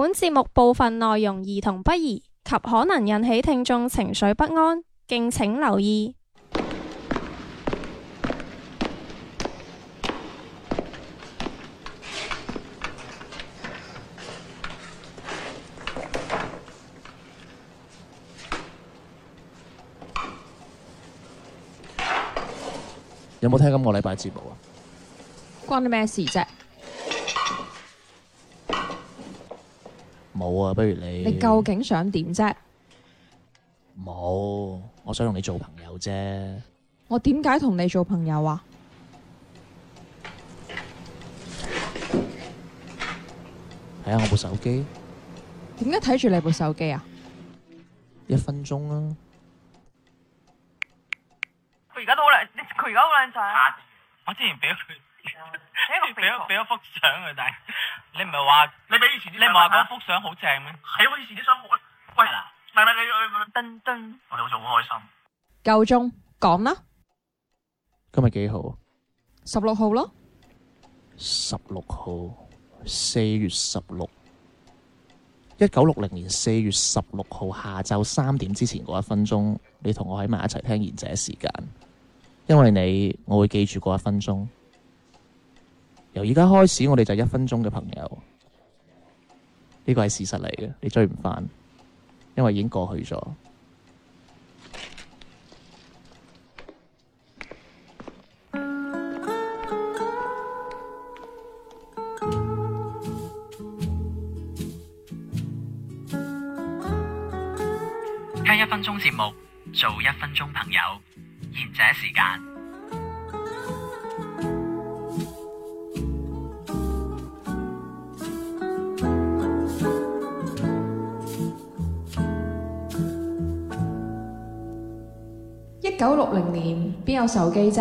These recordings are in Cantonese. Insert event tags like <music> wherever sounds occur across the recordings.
本節目部分內容兒童不宜，及可能引起聽眾情緒不安，敬請留意。有冇聽今個禮拜節目啊？關你咩事啫？冇啊，不如你你究竟想點啫？冇，我想同你做朋友啫。我點解同你做朋友啊？睇下我部手機。點解睇住你部手機啊？一分鐘啊！佢而家都好靚，佢而家好靚仔啊！我之前俾佢。俾咗俾咗幅相佢，但係你唔係話你俾以前你唔係話嗰幅相好正咩？係、 <laughs> 呃、我以前啲相好啊。喂，唔係唔你我哋好似，好開心。夠鐘講啦。今日幾號？十六號咯。十六號四月十六，一九六零年四月十六號下晝三點之前嗰一分鐘，你同我喺埋一齊聽賢者時間，因為你我會記住嗰一分鐘。由而家開始，我哋就係一分鐘嘅朋友，呢個係事實嚟嘅，你追唔翻，因為已經過去咗。聽一分鐘節目，做一分鐘朋友，賢者時間。九六零年邊有手機啫？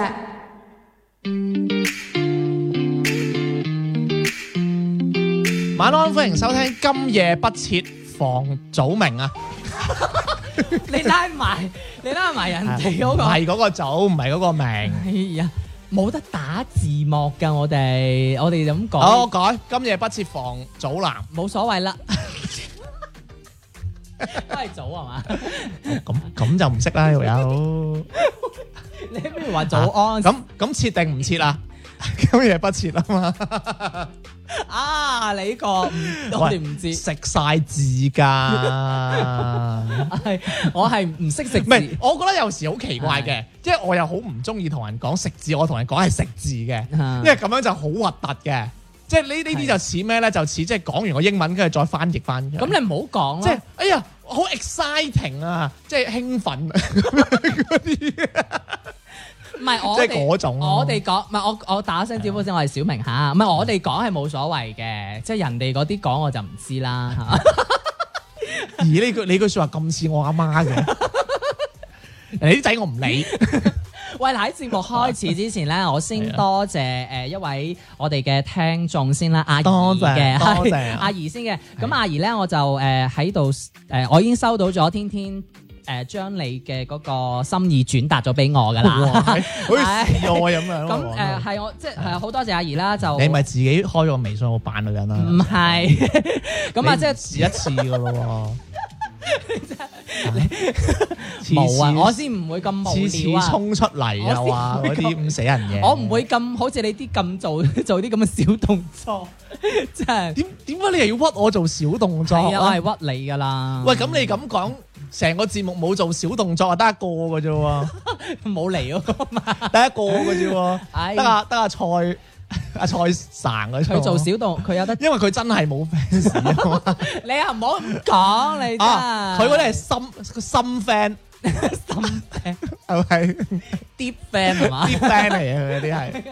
晚安，歡迎收聽今夜不設房祖名啊！你拉埋，你拉埋人哋嗰個，係嗰個祖，唔係嗰個名。哎呀，冇得打字幕噶，我哋我哋噉講，我改今夜不設房祖藍冇所謂啦。都係早係嘛？咁咁、 <laughs> 哦、就唔識啦，有、 <laughs> 啊。你不如話早安。咁咁切定唔切啦？今夜不切啊嘛。 <laughs> 啊，你呢個喂我哋唔知食晒字噶。係 <laughs> <laughs> 我係唔識食，唔係我覺得有時好奇怪嘅，即係的我又好唔中意同人講食字，我同人講係食字嘅，的因為咁樣就好核突嘅。即係呢呢啲就似咩咧？就似即係講完個英文，跟住再翻譯翻。咁你唔好講啦。即係哎呀，好 exciting 啊！即係興奮啲。唔係、啊、我即係嗰種。我哋講唔係我我打聲招呼先。 <laughs> 我係小明吓，唔係我哋講係冇所謂嘅。即係人哋嗰啲講我就唔知啦。 <laughs> <laughs> 而呢句呢句說話咁似我阿媽嘅。你啲仔我唔理。 <laughs> <laughs> <laughs> 喂，喺節目開始之前咧，我先多謝誒一位我哋嘅聽眾先啦，阿，多謝，多謝，阿兒先嘅。咁阿兒咧，我就誒喺度誒，我已經收到咗天天誒將你嘅嗰個心意轉達咗俾我噶啦，好似我咁樣。咁誒，係我即係好多謝阿兒啦。就你咪自己開咗個微信，我扮女人啦。唔係，咁啊，即係試一次噶咯喎。冇啊,次啊！我先唔會咁冒料啊！衝出嚟又啊，我啲咁死人嘢，我唔會咁好似你啲咁做做啲咁嘅小動作，即係點點解你又要屈我做小動作？我係屈你噶啦！喂，咁你咁講，成個節目冇做小動作啊，得一個嘅啫，冇嚟咯，得 <laughs> 一個嘅啫，得啊、哎，得啊，菜。阿蔡生啊！佢做小動，佢有得，因為佢真係冇 fans。啊、你又唔好咁講你噶，佢嗰啲係心，佢心 fan。深 friend 係咪？Deep friend 係嘛？Deep friend 嚟嘅！嗰啲係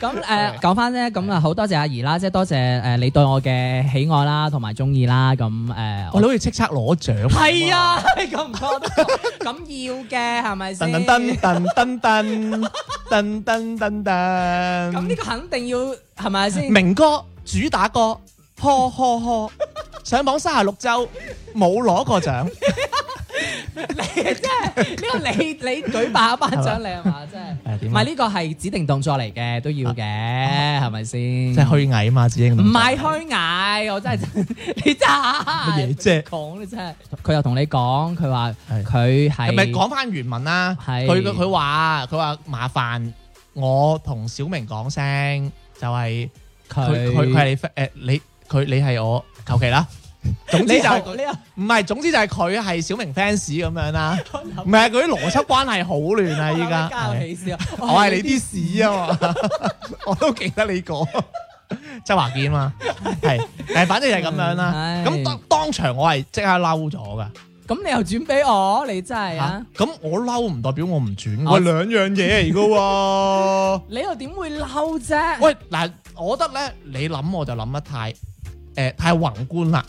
咁誒，講翻咧，咁啊好多謝阿姨啦，即係多謝誒你對我嘅喜愛啦，同埋中意啦，咁誒，我好似即刻攞獎，係啊，咁唔錯，咁要嘅係咪先？噔噔噔噔噔噔噔噔噔，咁呢個肯定要係咪先？明哥主打歌，呵呵呵，上榜三十六周冇攞過獎。你即係呢個你你舉辦頒獎，你係嘛？即係，唔係呢個係指定動作嚟嘅，都要嘅，係咪先？啊、即係虛偽啊嘛，自己唔係虛偽，我真係、嗯、你真乜嘢啫？講你真係，佢又同你講，佢話佢係唔係講翻原文啦？佢佢話佢話麻煩我同小明講聲，就係佢佢係誒你佢、呃、你係我求其啦。總之就係呢，唔係，總之就係佢係小明 fans 咁樣啦。唔係，佢啲邏輯關係好亂啊！依家起我係你啲屎啊！我都記得你講周華健嘛，係誒，反正就係咁樣啦。咁當當場我係即刻嬲咗噶。咁你又轉俾我，你真係啊？咁我嬲唔代表我唔轉，喂，兩樣嘢嚟噶喎。你又點會嬲啫？喂，嗱，我覺得咧，你諗我就諗得太誒太宏觀啦。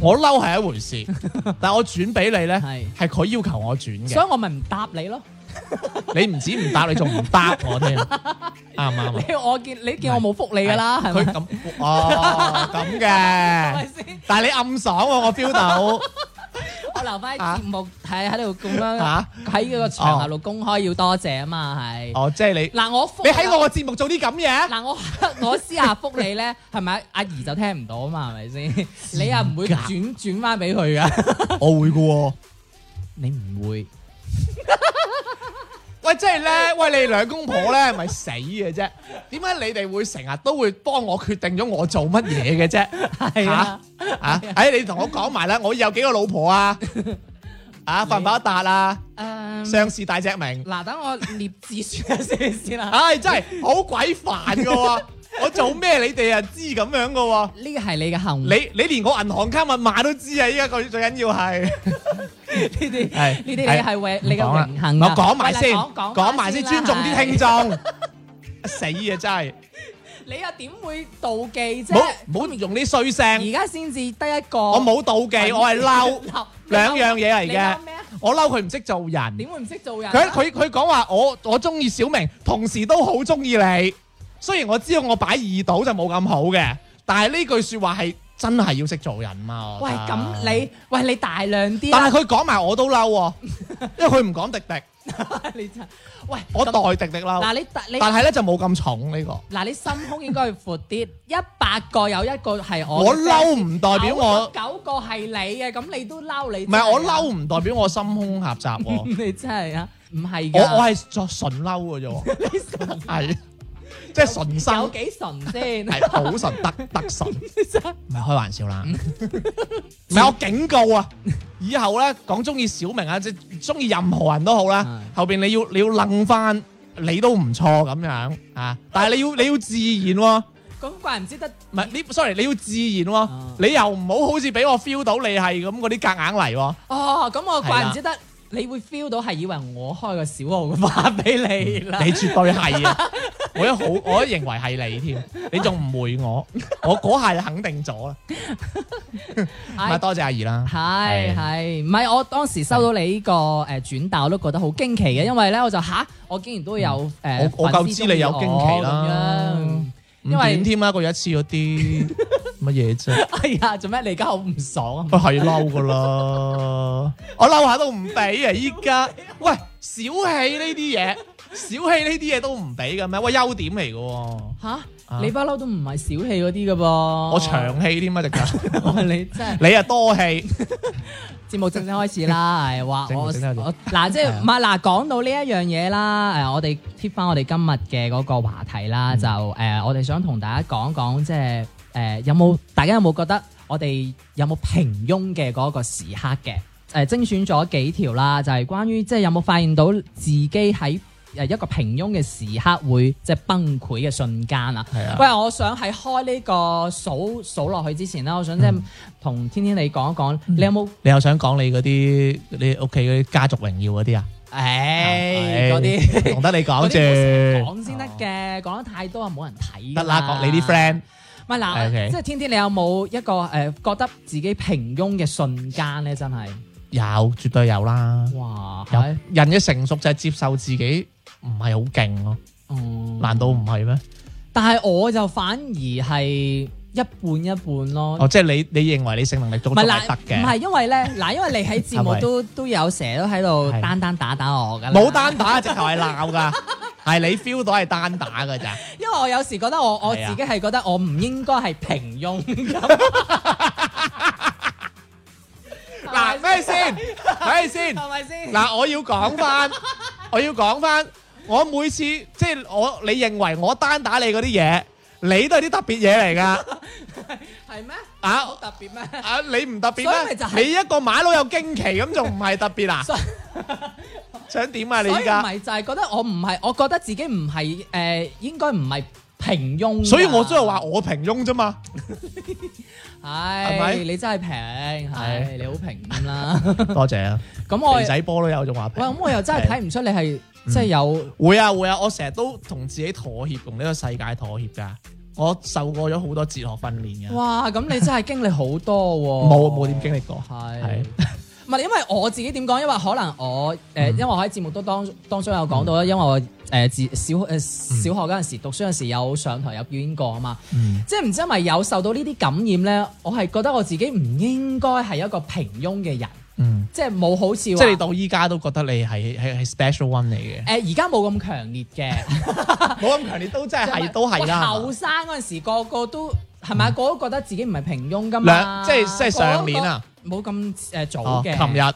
我嬲係一回事，但係我轉俾你咧，係佢要求我轉嘅，所以我咪唔答你咯。 <laughs> 你唔止唔答，你仲唔答我添，啱唔啱啊？我見你見我冇複你噶啦，係咪是？佢咁哦咁嘅， <laughs> 但係你暗爽我，啊，我 feel 到。 <laughs> 我留翻節目喺喺度咁樣，喺嗰個場合度公開，要多謝啊嘛係。哦，即係你嗱我，你喺我個節目做啲咁嘢，嗱我我私下復你咧，係咪阿姨就聽唔到啊嘛係咪先？你又唔會轉轉翻俾佢嘅？我會噶，你唔會。喂，即係咧，喂，你兩公婆咧，咪死嘅啫？點解你哋會成日都會幫我決定咗我做乜嘢嘅啫？係啊，啊，哎，你同我講埋啦，我有幾個老婆啊？啊，發唔發達啦，上司大隻明。嗱，等我捏字算先啦。唉、 <laughs> 欸，真係好鬼煩噶，我做咩你哋啊知咁樣噶？呢個係你嘅幸，你你連我銀行卡密碼都知啊！依家最最緊要係。 <laughs> 呢啲係，呢啲係為你嘅榮幸。我講埋先，講埋先，尊重啲聽眾。死啊！真係你又點會妒忌啫？唔好用啲衰聲。而家先至得一個。我冇妒忌，我係嬲，兩樣嘢嚟嘅。我嬲佢唔識做人。點會唔識做人？佢佢佢講話我我中意小明，同時都好中意你。雖然我知道我擺二度就冇咁好嘅，但係呢句說話係。真係要識做人嘛？喂，咁你喂，你大量啲，但係佢講埋我都嬲，因為佢唔講迪迪，你真，喂我代迪迪嬲。嗱，你但你但係咧就冇咁重呢個。嗱，你心胸應該係闊啲，一百個有一個係我，我嬲唔代表我九個係你嘅，咁你都嬲你。唔係我嬲唔代表我心胸狹窄喎。你真係啊，唔係嘅，我我係作純嬲㗎啫。你真係。即係純生有幾純先係好純得得純，唔係開玩笑啦，唔係我警告啊！以後咧講中意小明啊，即係中意任何人都好啦。後邊你要你要楞翻，你都唔錯咁樣啊！但係你要你要自然喎，咁怪唔知得唔係？你 sorry，你要自然喎，你又唔好好似俾我 feel 到你係咁嗰啲夾硬嚟喎。哦，咁我怪唔知得。你會 feel 到係以為我開個小號發俾你啦，你絕對係啊！ <laughs> 我一好，我一認為係你添，你仲唔回我？我嗰下肯定咗啦。咪 <laughs> <laughs> <laughs> 多謝阿姨啦。係係，唔係我當時收到你呢個誒轉達，我都覺得好驚奇嘅，因為咧我就吓，我竟然都有我、呃、我，我夠知你有驚奇啦。因為添啊，一個月一次嗰啲。 <laughs> 乜嘢啫？哎呀，做咩你而家好唔爽啊？佢係嬲噶啦，我嬲下都唔俾啊！依家喂，小氣呢啲嘢，小氣呢啲嘢都唔俾噶咩？喂，優點嚟噶吓，啊、你不嬲都唔係小氣嗰啲噶噃，我長氣添啊！直頭，你真係你啊多氣。節目正式開始啦，誒 <laughs> 我，話嗱、啊，即係唔係嗱，講、啊、到呢一樣嘢啦，誒，我哋貼翻我哋今日嘅嗰個話題啦，就誒、啊，我哋想同大家講講即係。誒，有冇大家有冇覺得我哋有冇平庸嘅嗰一個時刻嘅？誒，精選咗幾條啦，就係、是、關於即係有冇發現到自己喺誒一個平庸嘅時刻會即係崩潰嘅瞬間啊？係啊！喂，我想喺開呢個數數落去之前啦，我想即係同天天你講一講，嗯、你有冇？你又想講你嗰啲你屋企嗰啲家族榮耀嗰啲、哎、啊？誒、哎，啲同得你講住講先得嘅，講、 <laughs> 哦、得太多啊，冇人睇。得啦，講你啲 friend。咪嗱，即係天天，你有冇一個誒覺得自己平庸嘅瞬間咧？真係有，絕對有啦。哇嘩！有人嘅成熟就係接受自己唔係好勁咯。嗯，難道唔係咩？但係我就反而係。一半一半咯，哦，即係你你認為你性能力仲唔係得嘅？唔係，因為咧，嗱，因為你喺節目都都有成日都喺度單單打打我噶。冇單打，直頭係鬧噶，係你 feel 到係單打噶咋？因為我有時覺得我我自己係覺得我唔應該係平庸咁。嗱，咩先？咩先？嗱，我要講翻，我要講翻，我每次即係我你認為我單打你嗰啲嘢。你都係啲特別嘢嚟噶，係咩？啊，好特別咩？啊，你唔特別咩？你一個馬佬有驚奇咁，仲唔係特別啊？想點呀你而家？所以就係覺得我唔係，我覺得自己唔係誒，應該唔係平庸。所以我都係話我平庸啫嘛。係咪？你真係平，係你好平啦。多謝啊。咁我皮仔波都有種話喂，咁我又真係睇唔出你係。即係有會啊會啊！我成日都同自己妥協，同呢個世界妥協噶。我受過咗好多哲學訓練嘅。哇！咁你真係經歷好多，啊。冇冇點經歷過？係。唔係，因為我自己點講？因為可能我誒，嗯、因為我喺節目都當當中有講到啦。嗯、因為我誒自、呃、小誒小、呃、小學嗰陣時、嗯、讀書嗰陣時有上台有表演過啊嘛。即係唔知係咪有受到呢啲感染咧？我係覺得我自己唔應該係一個平庸嘅人。嗯，即係冇好笑，即係你到依家都覺得你係係係 special one 嚟嘅。誒、呃，而家冇咁強烈嘅，冇咁強烈都真係係都係啦。後生嗰陣時個個都係咪啊？個個都覺得自己唔係平庸噶嘛。兩即係即係上年啊，冇咁誒早嘅。琴、哦、日。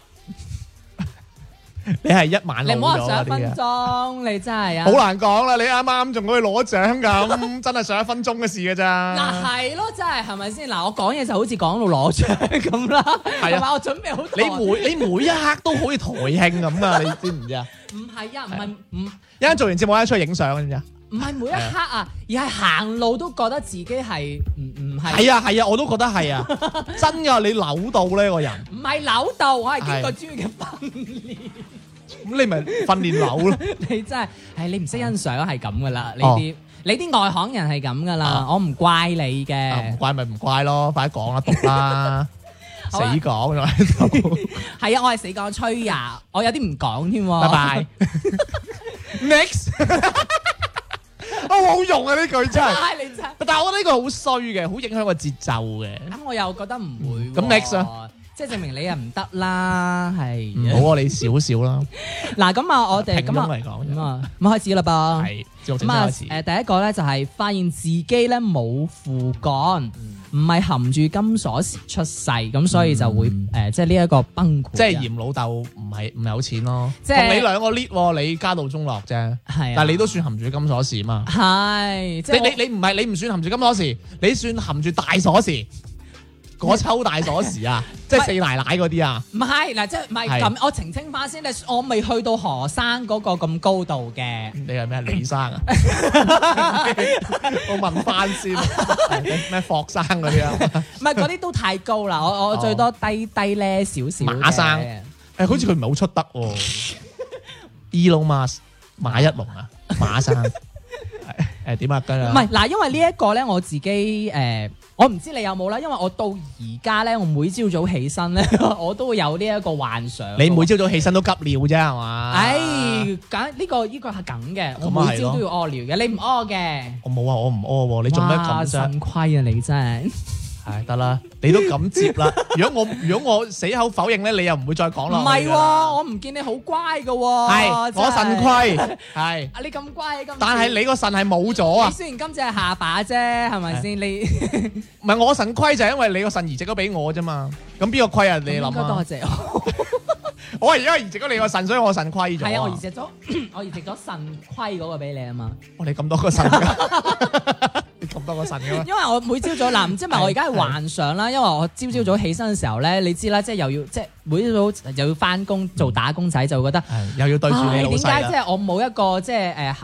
你係一晚，你唔好話上一分鐘，你真係啊！好難講啦，你啱啱仲可以攞獎咁，真係上一分鐘嘅事嘅咋？嗱係咯，真係係咪先？嗱，我講嘢就好似講到攞獎咁啦，係啊，我準備好。你每你每一刻都可以台慶咁啊！你知唔知啊？唔係啊，唔係唔一陣做完節目一出去影相，知唔知啊？唔係每一刻啊，而係行路都覺得自己係唔唔係？係啊係啊，我都覺得係啊，真噶你扭到呢個人。唔係扭到，我係經過專業嘅訓練。咁你咪訓練腦咯！你真係，係你唔識欣賞係咁噶啦，你啲你啲外行人係咁噶啦，我唔怪你嘅，唔怪，咪唔怪咯，快啲講啦，讀啦，死講，係啊，我係死講吹呀，我有啲唔講添喎。拜拜。Next，我冇用啊呢句真，但係我得呢句好衰嘅，好影響個節奏嘅。咁我又覺得唔會。咁 Next 啊。即係證明你又唔得啦，係好啊，你少少 <laughs> 啦。嗱咁啊，我哋咁啊，咁、嗯、啊，咁開始啦噃。係，咁啊，誒、呃，第一個咧就係發現自己咧冇父幹，唔係、嗯、含住金鎖匙出世，咁所以就會誒，即係呢一個崩潰。即係嫌老豆唔係唔有錢咯。即係、就是、你兩個 lead，你家道中落啫。係、啊，但係你都算含住金鎖匙啊嘛。係、就是，你你你唔係你唔算含住金鎖匙，你算含住大鎖匙。嗰抽大鎖匙啊，即係四奶奶嗰啲啊，唔係嗱，即係唔係咁，我澄清翻先，我未去到何生嗰個咁高度嘅。你係咩李生啊？我問翻先，咩霍生嗰啲啊？唔係嗰啲都太高啦，我我最多低低咧少少。馬生，誒，好似佢唔係好出得喎。Elon Musk 馬一龍啊，馬生，誒，點啊，梗係？唔係嗱，因為呢一個咧，我自己誒。我唔知你有冇啦，因為我到而家咧，我每朝早起身咧， <laughs> 我都會有呢一個幻想。你每朝早起身都急尿啫係嘛？唉，咁呢、啊這個呢、這個係梗嘅，我每朝都要屙尿嘅，你唔屙嘅？我冇話，我唔屙，你做咩？腎虧啊你真係。 <laughs> 係得啦，你都敢接啦！如果我如果我死口否認咧，你又唔會再講啦。唔係、啊，我唔見你好乖噶、哦，係是我腎虧，係。啊，你咁乖咁。但係你個腎係冇咗啊！你雖然今次係下巴啫，係咪先？是你唔係我腎虧就係因為你個腎移植咗俾我啫嘛。咁邊個虧啊，你諗，多謝我而家移植咗你個腎，所以我腎虧咗。係啊，我移植咗，我移植咗腎虧嗰個俾你啊嘛。我哋咁多個腎、啊。 <laughs> 咁多個神因為我每朝早，嗱，唔知係咪我而家係幻想啦？因為我朝朝早起身嘅時候咧，你知啦，即係又要即係每朝早又要返工做打工仔，就覺得又要對住你老細啦。點解即係我冇一個即係誒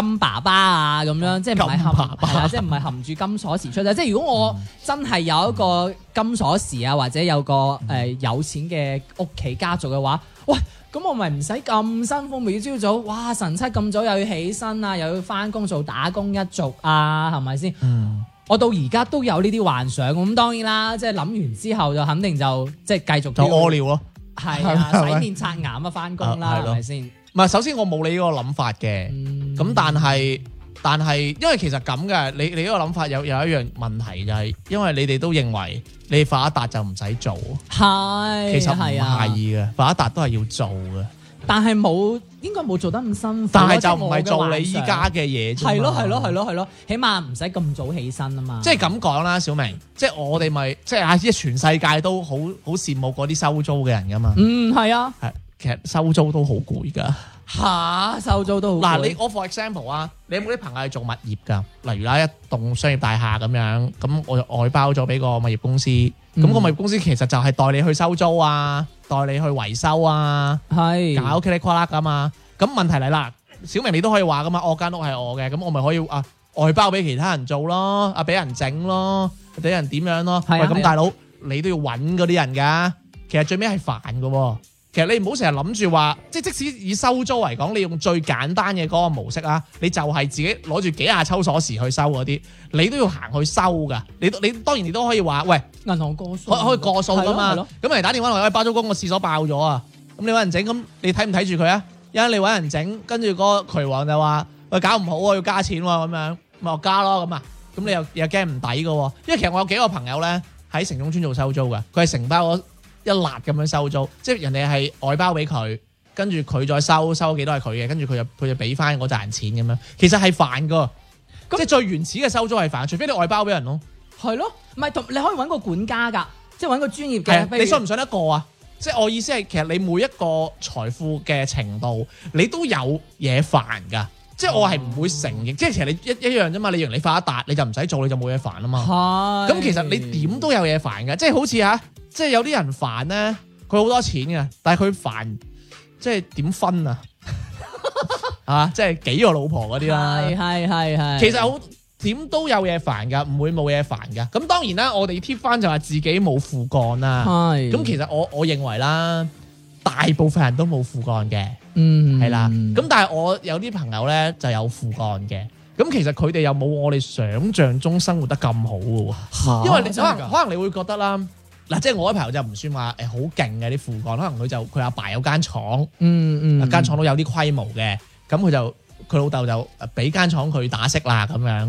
金爸爸啊咁樣？即係唔係含，係啊，即係唔係含住金鎖匙出嚟。即係如果我真係有一個金鎖匙啊，或者有個誒有錢嘅屋企家族嘅話，喂。咁我咪唔使咁辛苦，每朝早哇晨七咁早又要起身啊，又要翻工做打工一族啊，係咪先？嗯，我到而家都有呢啲幻想，咁當然啦，即係諗完之後就肯定就即係繼續。就屙尿咯。係啊，洗面刷牙咁啊，翻工啦，係咪先？唔係，首先我冇你呢個諗法嘅，咁但係。但係，因為其實咁嘅，你你呢個諗法有有一樣問題就係，因為你哋都認為你發一達就唔使做，係，其實唔係嘅，發一達都係要做嘅。但係冇應該冇做得咁辛苦。但係就唔係做你依家嘅嘢。係咯，係咯，係咯，係咯，起碼唔使咁早起身啊嘛。即係咁講啦，小明，即係我哋咪即係啊！即係全世界都好好羨慕嗰啲收租嘅人噶嘛。嗯，係啊。係，其實收租都好攰噶。吓，收租都好。嗱，你我 forexample 啊，你有冇啲朋友係做物業噶例如啦，一棟商業大廈咁樣，咁我就外包咗俾個物業公司，咁個物業公司其實就係代你去收租啊，代你去維修啊，係搞呢啲咁啊嘛。咁問題嚟啦，小明你都可以話噶嘛，我間屋係我嘅，咁我咪可以啊外包俾其他人做咯，啊俾人整咯，俾人點樣咯？喂，咁大佬你都要搵嗰啲人噶，其實最尾係煩噶其實你唔好成日諗住話，即係即使以收租嚟講，你用最簡單嘅嗰個模式啊，你就係自己攞住幾下抽鎖匙去收嗰啲，你都要行去收噶。你你當然你都可以話，喂，銀行過數可以，可以可以過數噶嘛。咁嚟、嗯、打電話嚟，喂，包租公，我廁所爆咗啊！咁你揾人整，咁你睇唔睇住佢啊？一陣你揾人整，跟住嗰個渠王就話，喂，搞唔好啊，要加錢喎，咁樣咪我加咯咁啊。咁你又、嗯、又驚唔抵噶？因為其實我有幾個朋友咧喺城中村做收租嘅，佢係承包嘅。一立咁樣收租，即係人哋係外包俾佢，跟住佢再收收幾多係佢嘅，跟住佢就佢就俾翻我賺錢咁樣，其實係煩噶，咁即係最原始嘅收租係煩，除非你外包俾人咯。係咯，唔係同你可以揾個管家噶，即係揾個專業嘅。你信唔信得過啊？即係我意思係，其實你每一個財富嘅程度，你都有嘢煩噶。即係我係唔會承認，oh. 即係其實你一一樣啫嘛，你你發一達你就唔使做，你就冇嘢煩啊嘛。咁是其實你點都有嘢煩㗎，即係好似吓，即係有啲人煩咧，佢好多錢嘅，但係佢煩，即係點分啊？啊， <laughs> <laughs> 即係幾個老婆嗰啲啦。係係係係。其實好點都有嘢煩㗎，唔會冇嘢煩㗎。咁當然啦，我哋貼翻就話自己冇負幹啦。係。咁其實我我，是其實我，我認為啦，大部分人都冇負幹嘅。嗯，係、嗯、啦，咁但係我有啲朋友咧就有副干嘅，咁其實佢哋又冇我哋想像中生活得咁好嘅喎，蛤因為你可能可能你會覺得啦，嗱，即係我啲朋友就唔算話誒好勁嘅啲副干。可能佢就佢阿爸，爸有間廠，嗯嗯，嗯間廠都有啲規模嘅，咁佢就佢老豆就俾間廠佢打骰啦咁樣，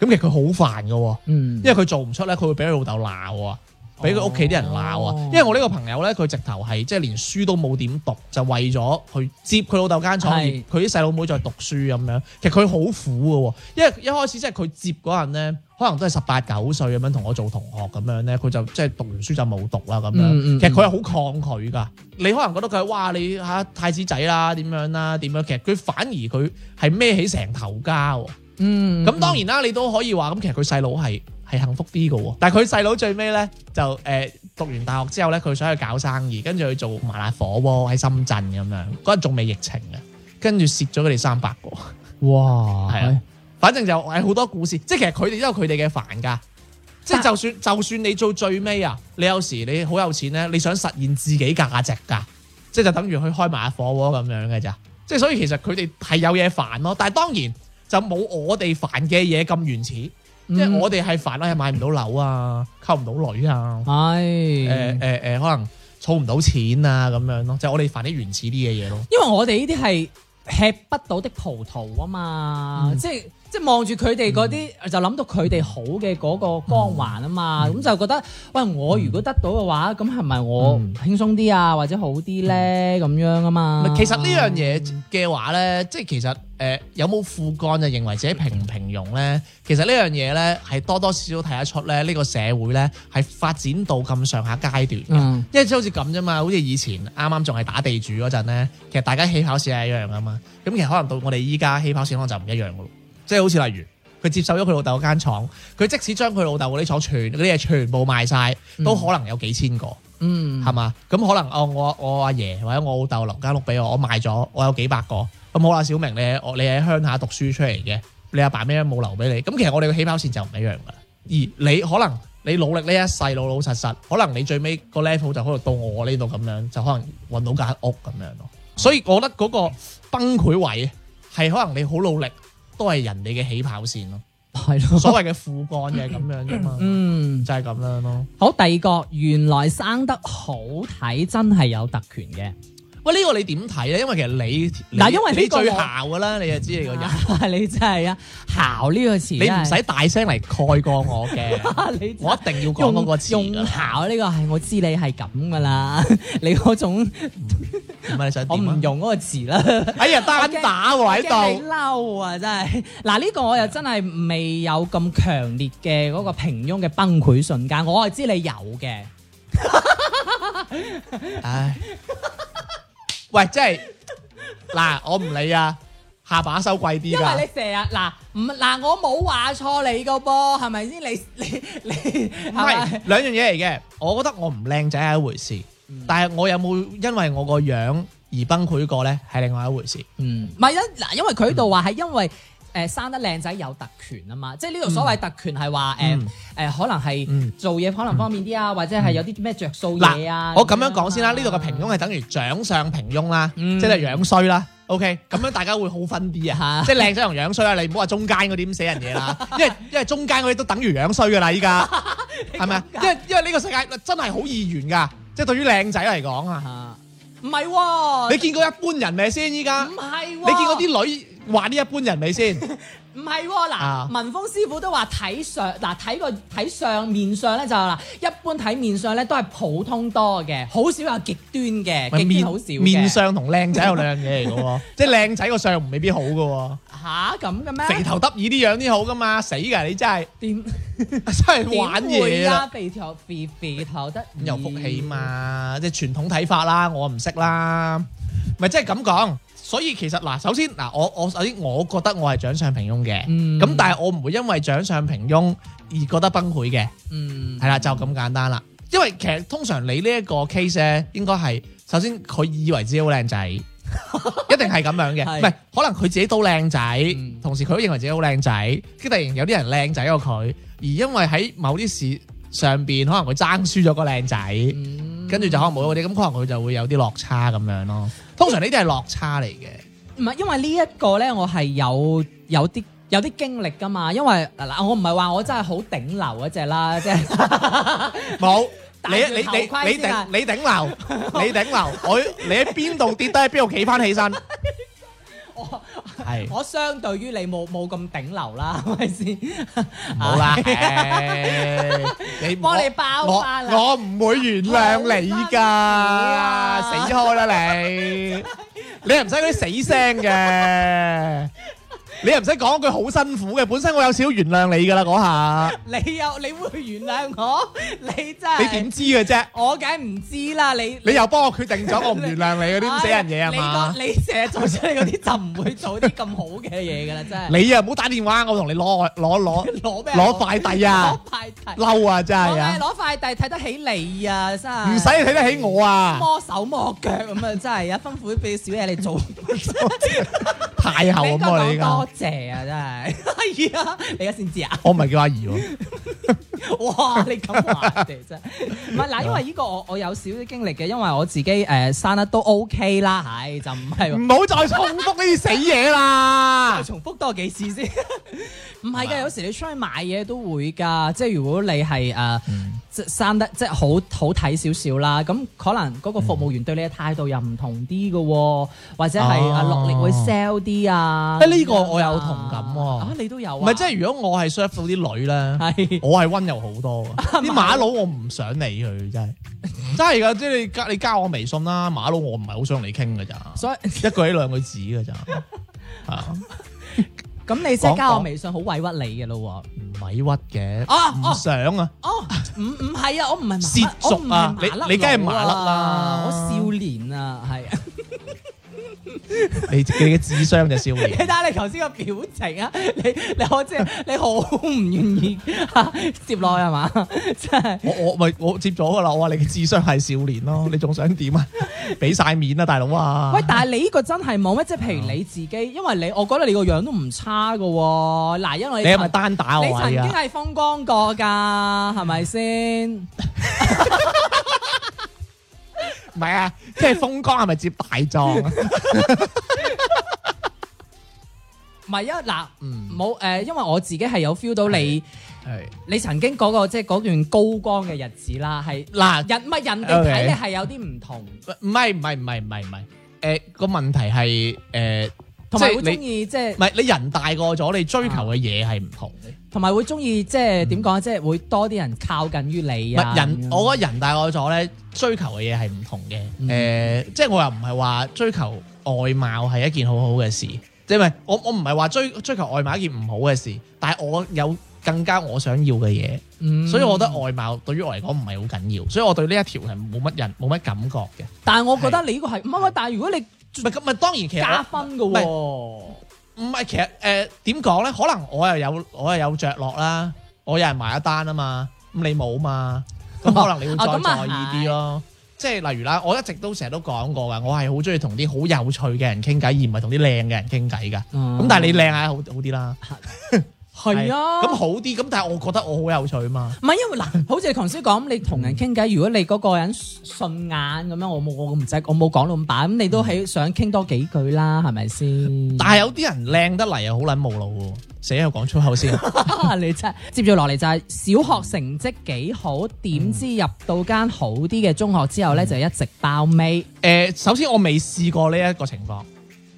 咁其實佢好煩嘅喎，嗯、因為佢做唔出咧，佢會俾佢老豆鬧。俾佢屋企啲人鬧啊！Oh. 因為我呢個朋友咧，佢直頭係即係連書都冇點讀，就為咗去接佢老豆間廠，佢啲細佬妹在讀書咁樣。其實佢好苦嘅喎，因為一開始即係佢接嗰陣咧，可能都係十八九歲咁樣同我做同學咁樣咧，佢就即係讀完書就冇讀啦咁樣。其實佢係好抗拒㗎。你可能覺得佢哇，你嚇、啊、太子仔啦點樣啦點樣，其實佢反而佢係孭起成頭家。嗯、mm，咁、hmm. 當然啦，你都可以話咁，其實佢細佬係。係幸福啲嘅喎，但係佢細佬最尾咧就誒、呃、讀完大學之後咧，佢想去搞生意，跟住去做麻辣火鍋喺深圳咁樣，嗰日仲未疫情嘅，跟住蝕咗佢哋三百個。哇，係啊 <laughs> ，反正就係好多故事，即係其實佢哋都有佢哋嘅煩噶，即係就算就算你做最尾啊，你有時你好有錢咧，你想實現自己價值噶，即係就等於去開麻辣火鍋咁樣嘅咋，即係所以其實佢哋係有嘢煩咯，但係當然就冇我哋煩嘅嘢咁原始。即係我哋係煩啦，係買唔到樓啊，溝唔到女啊，係誒誒誒，可能儲唔到錢啊咁樣咯，即係我哋煩啲原始啲嘅嘢咯。因為我哋呢啲係吃不到的葡萄啊嘛，嗯、即係。即係望住佢哋嗰啲，嗯、就諗到佢哋好嘅嗰個光環啊嘛，咁、嗯、就覺得喂，我如果得到嘅話，咁係咪我輕鬆啲啊，或者好啲咧咁樣啊嘛、嗯其？其實呢樣嘢嘅話咧，即係其實誒有冇富幹就認為自己平唔平庸咧？其實呢樣嘢咧係多多少少睇得出咧。呢、呢個社會咧係發展到咁上下階段嘅，嗯、因為即好似咁啫嘛。好似以前啱啱仲係打地主嗰陣咧，其實大家起跑線係一樣啊嘛。咁其實可能到我哋依家起跑線可能就唔一樣噶。即係好似例如，佢接受咗佢老豆嗰間廠，佢即使將佢老豆嗰啲廠全嗰啲嘢全部賣晒，都可能有幾千個，嗯，係嘛？咁、嗯、可能哦，我我阿爺或者我老豆留間屋俾我，我賣咗，我有幾百個。咁好啦，小明你我你喺鄉下讀書出嚟嘅，你阿爸咩都冇留俾你。咁其實我哋嘅起跑線就唔一樣噶啦，而你可能你努力呢一世老老實實，可能你最尾個 level 就可能到我呢度咁樣，就可能搵到間屋咁樣咯。所以我覺得嗰個崩潰位係可能你好努力。都係人哋嘅起跑線咯，係咯的，所謂嘅副幹嘅咁樣啫嘛，嗯，就係咁樣咯。好，第二個，原來生得好睇真係有特權嘅。呢、啊，這個你點睇咧？因為其實你嗱，因為你最姣噶啦，我 你就知你個人，啊、你真係啊！姣呢個詞，你唔使大聲嚟蓋過我嘅，我一定要講嗰個詞。用姣呢、這個係我知你係咁噶啦，你嗰種唔係、嗯嗯嗯、想點我唔用嗰個詞啦！哎呀，單打喎喺度好嬲啊！真係嗱，呢個我又真係未有咁強烈嘅嗰、那個平庸嘅崩潰瞬間，我係知你有嘅。唉、 <laughs> 哎。喂，即係嗱 <laughs> 我唔理啊，下巴收貴啲。因為你成日嗱，唔嗱，我冇話錯你噶噃，係咪先？你你你唔係兩樣嘢嚟嘅。我覺得我唔靚仔係一回事，嗯、但係我有冇因為我個樣而崩潰過咧？係另外一回事。嗯，唔係因嗱，因為佢度話係因為。誒，生得靚仔有特權啊嘛，即係呢度所謂特權係話，誒、誒，可能係做嘢可能方便啲啊，或者係有啲咩着數嘢啊。我咁樣講先啦，呢度嘅平庸係等於長相平庸啦，即係樣衰啦。OK，咁樣大家會好分啲啊，即係靚仔同樣衰啊，你唔好話中間嗰啲咁死人嘢啦，因為因為中間嗰啲都等於樣衰噶啦，依家係咪啊？因為因為呢個世界真係好易完噶，即係對於靚仔嚟講啊，唔係，你見過一般人咩先？依家唔係，你見過啲女？話呢一般人你先，唔係嗱，文峰師傅都話睇相，嗱睇個睇相面相咧就係一般睇面相咧都係普通多嘅，好少有極端嘅。是極端好少。面相同靚 <laughs> 仔有兩、啊、樣嘢嚟嘅，即係靚仔個相唔未必好嘅。吓咁嘅咩？肥頭耷耳啲樣啲好噶嘛？死噶，你真係點麼 <laughs> 真係玩嘢啦？肥頭肥肥頭耷耳又有福氣嘛？即係傳統睇法啦，我唔識啦，咪即係咁講。就是所以其實嗱，首先嗱，我我首先我覺得我係長相平庸嘅，咁、嗯、但係我唔會因為長相平庸而覺得崩潰嘅，係啦、嗯，就咁簡單啦。因為其實通常你呢一個 case 咧，應該係首先佢以為自己好靚仔， <laughs> 一定係咁樣嘅，唔係是可能佢自己都靚仔，嗯、同時佢都認為自己好靚仔，跟住突然有啲人靚仔過佢，而因為喺某啲事上邊可能佢爭輸咗個靚仔，嗯、跟住就可能冇嗰啲，咁可能佢就會有啲落差咁樣咯。通常呢啲係落差嚟嘅，唔係因為呢一個咧，我係有有啲有啲經歷㗎嘛，因為嗱我唔係話我真係好頂流嗰隻啦，即係冇你你你你頂你頂流你頂流，我你喺邊度跌低喺邊度企返起身。 <laughs> 我我相對於你冇冇咁頂流啦，係咪先？冇 <laughs> 啦， <laughs> 你幫你包，我唔會原諒你㗎，你啊、死開啦你！ <laughs> 你又唔使嗰啲死聲嘅。 <laughs> 你又唔使講句好辛苦嘅，本身我有少少原諒你㗎啦嗰下。你又，你會原諒我？你真係你點知嘅啫？我梗唔知啦。你你又幫我決定咗，我唔原諒你嗰啲死人嘢係嘛？你成日做出嚟嗰啲就唔會做啲咁好嘅嘢㗎啦，真係。你又唔好打電話，我同你攞攞攞攞咩？攞快遞啊！攞快遞嬲啊！真係啊！攞快遞睇得起你啊！真係唔使睇得起我啊！摸手摸腳咁啊！真係有吩咐俾小嘢你做，太后咁多。謝啊，真係、 <laughs> oh、阿姨啊，你而家先知啊，我唔係叫阿姨喎。 <music> 哇！你咁話哋真唔係嗱，因為呢個我我有少少經歷嘅，因為我自己誒生得都 OK 啦，係就唔係唔好再重複呢啲死嘢啦！ <laughs> 再重複多幾次先，唔係嘅，嗎有時你出去買嘢都會噶，即係如果你係誒、uh, 嗯、即係生得即係好好睇少少啦，咁可能嗰個服務員對你嘅態度又唔同啲嘅，或者係啊落力會 sell 啲啊，誒呢、呢個我有同感喎，的啊你都有啊，唔係即係如果我係 serve 到啲女咧，我係温。 <laughs> 有好多啊，啲馬佬，我唔想理佢，真係真係噶，即係你加你加我微信啦，馬佬我唔係好想同你傾噶咋，所以一句兩句字噶咋吓。咁你即係加我微信，好委屈你噶咯，唔委屈嘅，哦唔想啊，啊啊 <laughs> 哦，唔唔係啊，我唔係馬， <laughs> 我唔係馬甩，你你梗係馬甩啦，我少年啊，係。 <laughs> 你你嘅智商就少年，睇下你頭先個表情 <laughs> 啊！你你我即係你好唔願意接落係嘛？即係我我咪我接咗噶啦！我話你嘅智商係少年咯， <laughs> 你仲想點啊？俾 <laughs> 晒面啊，大佬啊！喂，但係你呢個真係冇乜，即係譬如你自己，因為你我覺得你個樣都唔差噶。嗱，因為你你係咪單打我？曾經係風光過噶，係咪先？ <laughs> 唔係啊，即係風光係咪 <laughs> 接大狀？唔係啊，嗱小聲，唔好， <laughs> 誒，因為我自己係有 feel 到你，你曾經嗰、那個即係嗰段高光嘅日子啦，係嗱人，唔係 <laughs> 人哋睇你係有啲唔同，唔係唔係唔係唔係唔係，誒、呃那個問題係誒，同埋好中意即係，唔係你人大個咗，你追求嘅嘢係唔同嘅。啊同埋會中意即係點講？即係會多啲人靠近於你啊！人我覺得人大我咗咧，追求嘅嘢係唔同嘅。誒、嗯，即係、呃就是、我又唔係話追求外貌係一件好好嘅事，即、就、係、是、我我唔係話追追求外貌一件唔好嘅事，但係我有更加我想要嘅嘢，嗯、所以我覺得外貌對於我嚟講唔係好緊要，所以我對呢一條係冇乜人冇乜感覺嘅。但係我覺得你呢個係唔啱。但係如果你咁，唔係當然其實加分嘅喎、喔。唔係，其實誒點講咧？可能我又有我又有著落啦，我有人埋一單啊嘛，咁你冇嘛？咁 <laughs> 可能你會再在意啲咯。 <laughs> 哦哦就是、即係例如啦，我一直都成日都講過噶，我係好中意同啲好有趣嘅人傾偈，而唔係同啲靚嘅人傾偈噶。咁、嗯、但係你靚係好好啲啦。 <laughs> 係啊，咁、嗯、好啲，咁但係我覺得我好有趣嘛。唔係，因為嗱，好似頭先講，你同人傾偈，嗯、如果你嗰個人順眼咁樣，我冇我唔使，我冇講到咁白，咁、嗯、你都係想傾多幾句啦，係咪先？但係有啲人靚得嚟又好撚冇腦喎，死喺度講粗口先，你真。接住落嚟就係、是、小學成績幾好，點知入到間好啲嘅中學之後咧，嗯、就一直爆尾。誒、嗯呃，首先我未試過呢一個情況，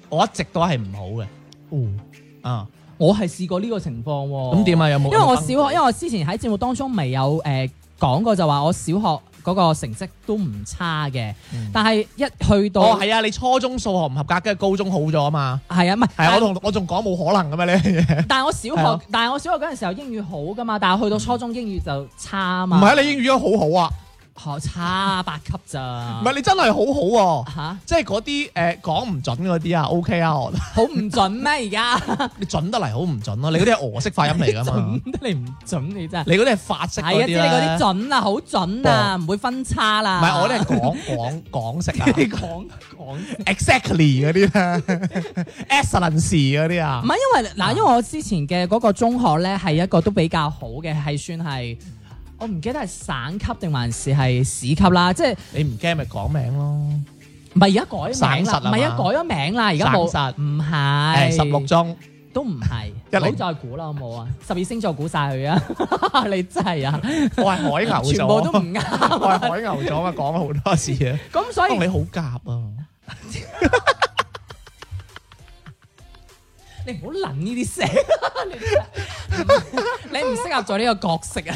我一直都係唔好嘅。嗯，啊。我係試過呢個情況，咁點啊？有冇？因為我小學，因為我之前喺節目當中未有誒講、呃、過，就話我小學嗰個成績都唔差嘅，嗯、但係一去到哦係啊，你初中數學唔合格，跟住高中好咗啊嘛。係啊，唔係係啊，我同我仲講冇可能噶嘛，呢 <laughs> 但係我小學，啊、但係我小學嗰陣時候英語好噶嘛，但係去到初中英語就差啊嘛。唔係啊，你英語都好好啊。學差八級咋？唔係你真係好好喎，嚇！即係嗰啲誒講唔準嗰啲啊，OK 啊，我好唔準咩？而家你準得嚟好唔準咯？你嗰啲係俄式發音嚟噶嘛？準得你唔準你真係？你嗰啲係法式嗰啲啦。你嗰啲準啊，好準啊，唔會分差啦。唔係我啲係港港港式啊，港港 exactly 嗰啲咧，excellency 嗰啲啊。唔係因為嗱，因為我之前嘅嗰個中學咧係一個都比較好嘅，係算係。我唔記得係省級定還是係市級啦，即係你唔驚咪講名咯。唔係而家改名啦，唔係啊，改咗名啦，而家冇，唔係十六中都唔係。唔好再估啦，好冇啊！十二星座估晒佢啊！你真係啊！我係海牛座，全部都唔啱。我係海牛座啊，講好多事啊。咁所以你好夾啊！你唔好諗呢啲聲，你唔適合做呢個角色啊！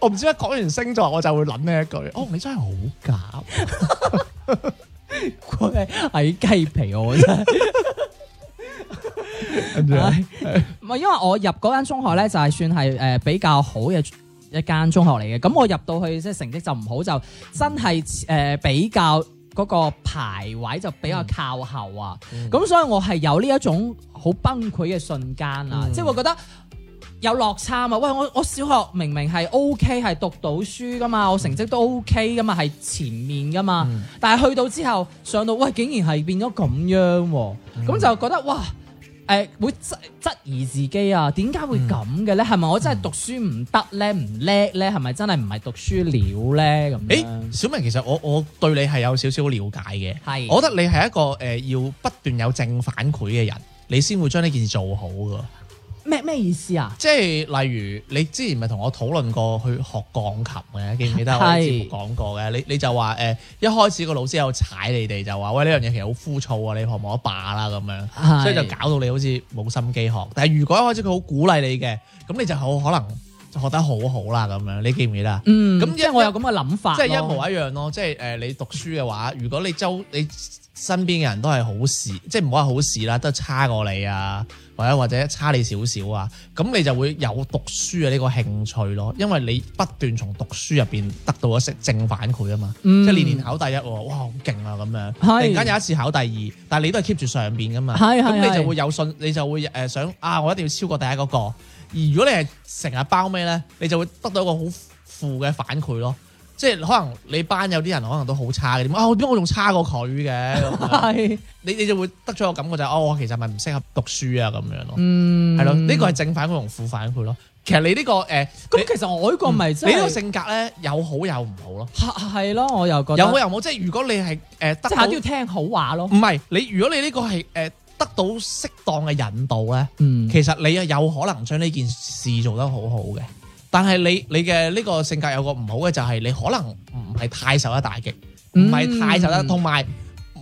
我唔知啊，講完星座我就會諗呢一句，哦，你真係好假，鬼矮雞皮我真 <laughs> And yeah,、哎，跟住唔係因為我入嗰間中學咧，就係算係誒比較好嘅一間中學嚟嘅。咁我入到去即係成績就唔好，就真係誒比較嗰個排位就比較靠後啊。咁、嗯、所以我係有呢一種好崩潰嘅瞬間啊，嗯、即係我覺得。有落差啊嘛！喂，我我小學明明係 O K 係讀到書噶嘛，我成績都 O K 噶嘛，係前面噶嘛。嗯、但係去到之後上到，喂，竟然係變咗咁樣，啊、咁、嗯、就覺得哇，誒、呃，會質質疑自己啊？點解會咁嘅咧？係咪、嗯、我真係讀書唔得咧？唔叻咧？係咪真係唔係讀書料咧？咁誒、欸，小明，其實我我對你係有少少了解嘅，係，我覺得你係一個誒、呃、要不斷有正反饋嘅人，你先會將呢件事做好噶。咩咩意思啊？即係例如你之前咪同我討論過去學鋼琴嘅，記唔記得是我之前講過嘅？你你就話誒、呃，一開始個老師有踩你哋，就話喂呢樣嘢其實好枯燥啊，你學唔學得霸啦咁樣，是所以就搞到你好似冇心機學。但係如果一開始佢好鼓勵你嘅，咁你就好可能就學得好好啦咁樣。你記唔記得啊？嗯，咁一因為我有咁嘅諗法，即係一模一樣咯。即係誒、呃，你讀書嘅話，如果你周你身邊嘅人都係好事，即係唔好係好事啦，都係差過你啊。或者或者差你少少啊，咁你就會有讀書嘅呢個興趣咯，因為你不斷從讀書入邊得到一啲正反饋啊嘛，嗯、即係年年考第一喎，哇好勁啊咁樣，是突然間有一次考第二，但係你都係 keep 住上邊噶嘛，咁你就會有信，你就會誒想啊我一定要超過第一嗰、嗰個。而如果你係成日包尾咧，你就會得到一個好負嘅反饋咯。即係可能你班有啲人可能都好差嘅點啊？點解我仲差過佢嘅？係 <laughs> 是你你就會得出個感覺就係、是、哦，我其實咪唔適合讀書啊咁樣咯。嗯，係咯，呢個係正反饋同負反饋咯。其實你呢、這個誒咁、呃嗯、其實我呢個咪、就是嗯、你呢個性格咧有好有唔好咯。係係咯，我又覺得有好有唔好，即係如果你係誒得，即都要聽好話咯。唔係你如果你呢個係誒得到適當嘅引導咧，嗯、其實你係有可能將呢件事做得好好嘅。但係你你嘅呢個性格有個唔好嘅就係你可能唔係太受得打擊，唔係、嗯、太受得，同埋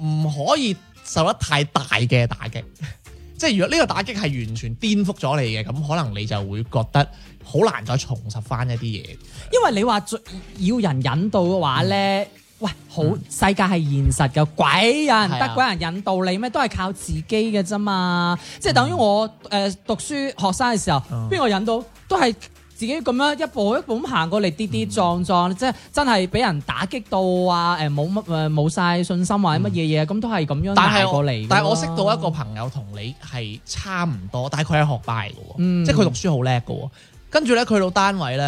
唔可以受得太大嘅打擊。即 <laughs> 係如果呢個打擊係完全顛覆咗你嘅，咁可能你就會覺得好難再重拾翻一啲嘢。因為你話要人引導嘅話咧，嗯、喂，好、嗯、世界係現實嘅，鬼人得鬼人引導你咩？嗯、都係靠自己嘅啫嘛。嗯、即係等於我誒讀書學生嘅時候，邊個、嗯、引導都係。自己咁樣一步一步咁行過嚟，跌跌撞撞，嗯、即係真係俾人打擊到啊！誒，冇乜誒，冇晒信心或者乜嘢嘢，咁、嗯、都係咁樣行過嚟。但係我但係我識到一個朋友同你係差唔多，但係佢係學霸嚟嘅喎，嗯、即係佢讀書好叻嘅喎。跟住咧，佢到單位咧，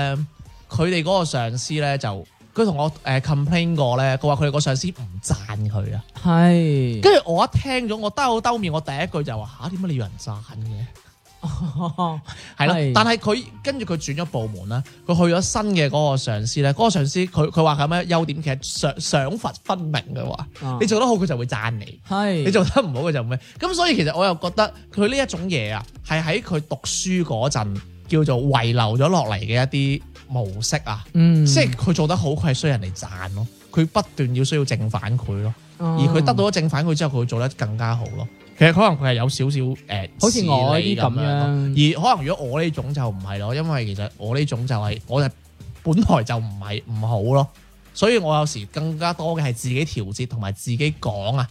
佢哋嗰個上司咧就，佢同我誒 complain 過咧，佢話佢哋個上司唔贊佢啊。係是。跟住我一聽咗，我兜兜面，我第一句就話吓，點、啊、解你要人贊嘅？係啦，哦，但係佢，跟住佢轉咗部門啦，佢去咗新嘅嗰個上司咧，嗰、嗰個上司佢，佢話有咩優點，其實想想法分明嘅話，哦、你做得好佢就會讚你，係是你做得唔好佢就咩，咁所以其實我又覺得佢呢一種嘢啊，係喺佢讀書嗰陣叫做遺留咗落嚟嘅一啲模式啊，即係佢做得好佢係需要人哋讚咯，佢不斷要需要正反饋咯，而佢得到咗正反饋之後佢會做得更加好咯。其實可能佢係有少少、呃、好似我啲咁樣，樣，而可能如果我呢種就唔係咯，因為其實我呢種就係、係、我就本來就唔係唔好咯，所以我有時更加多嘅係自己調節同埋自己講啊。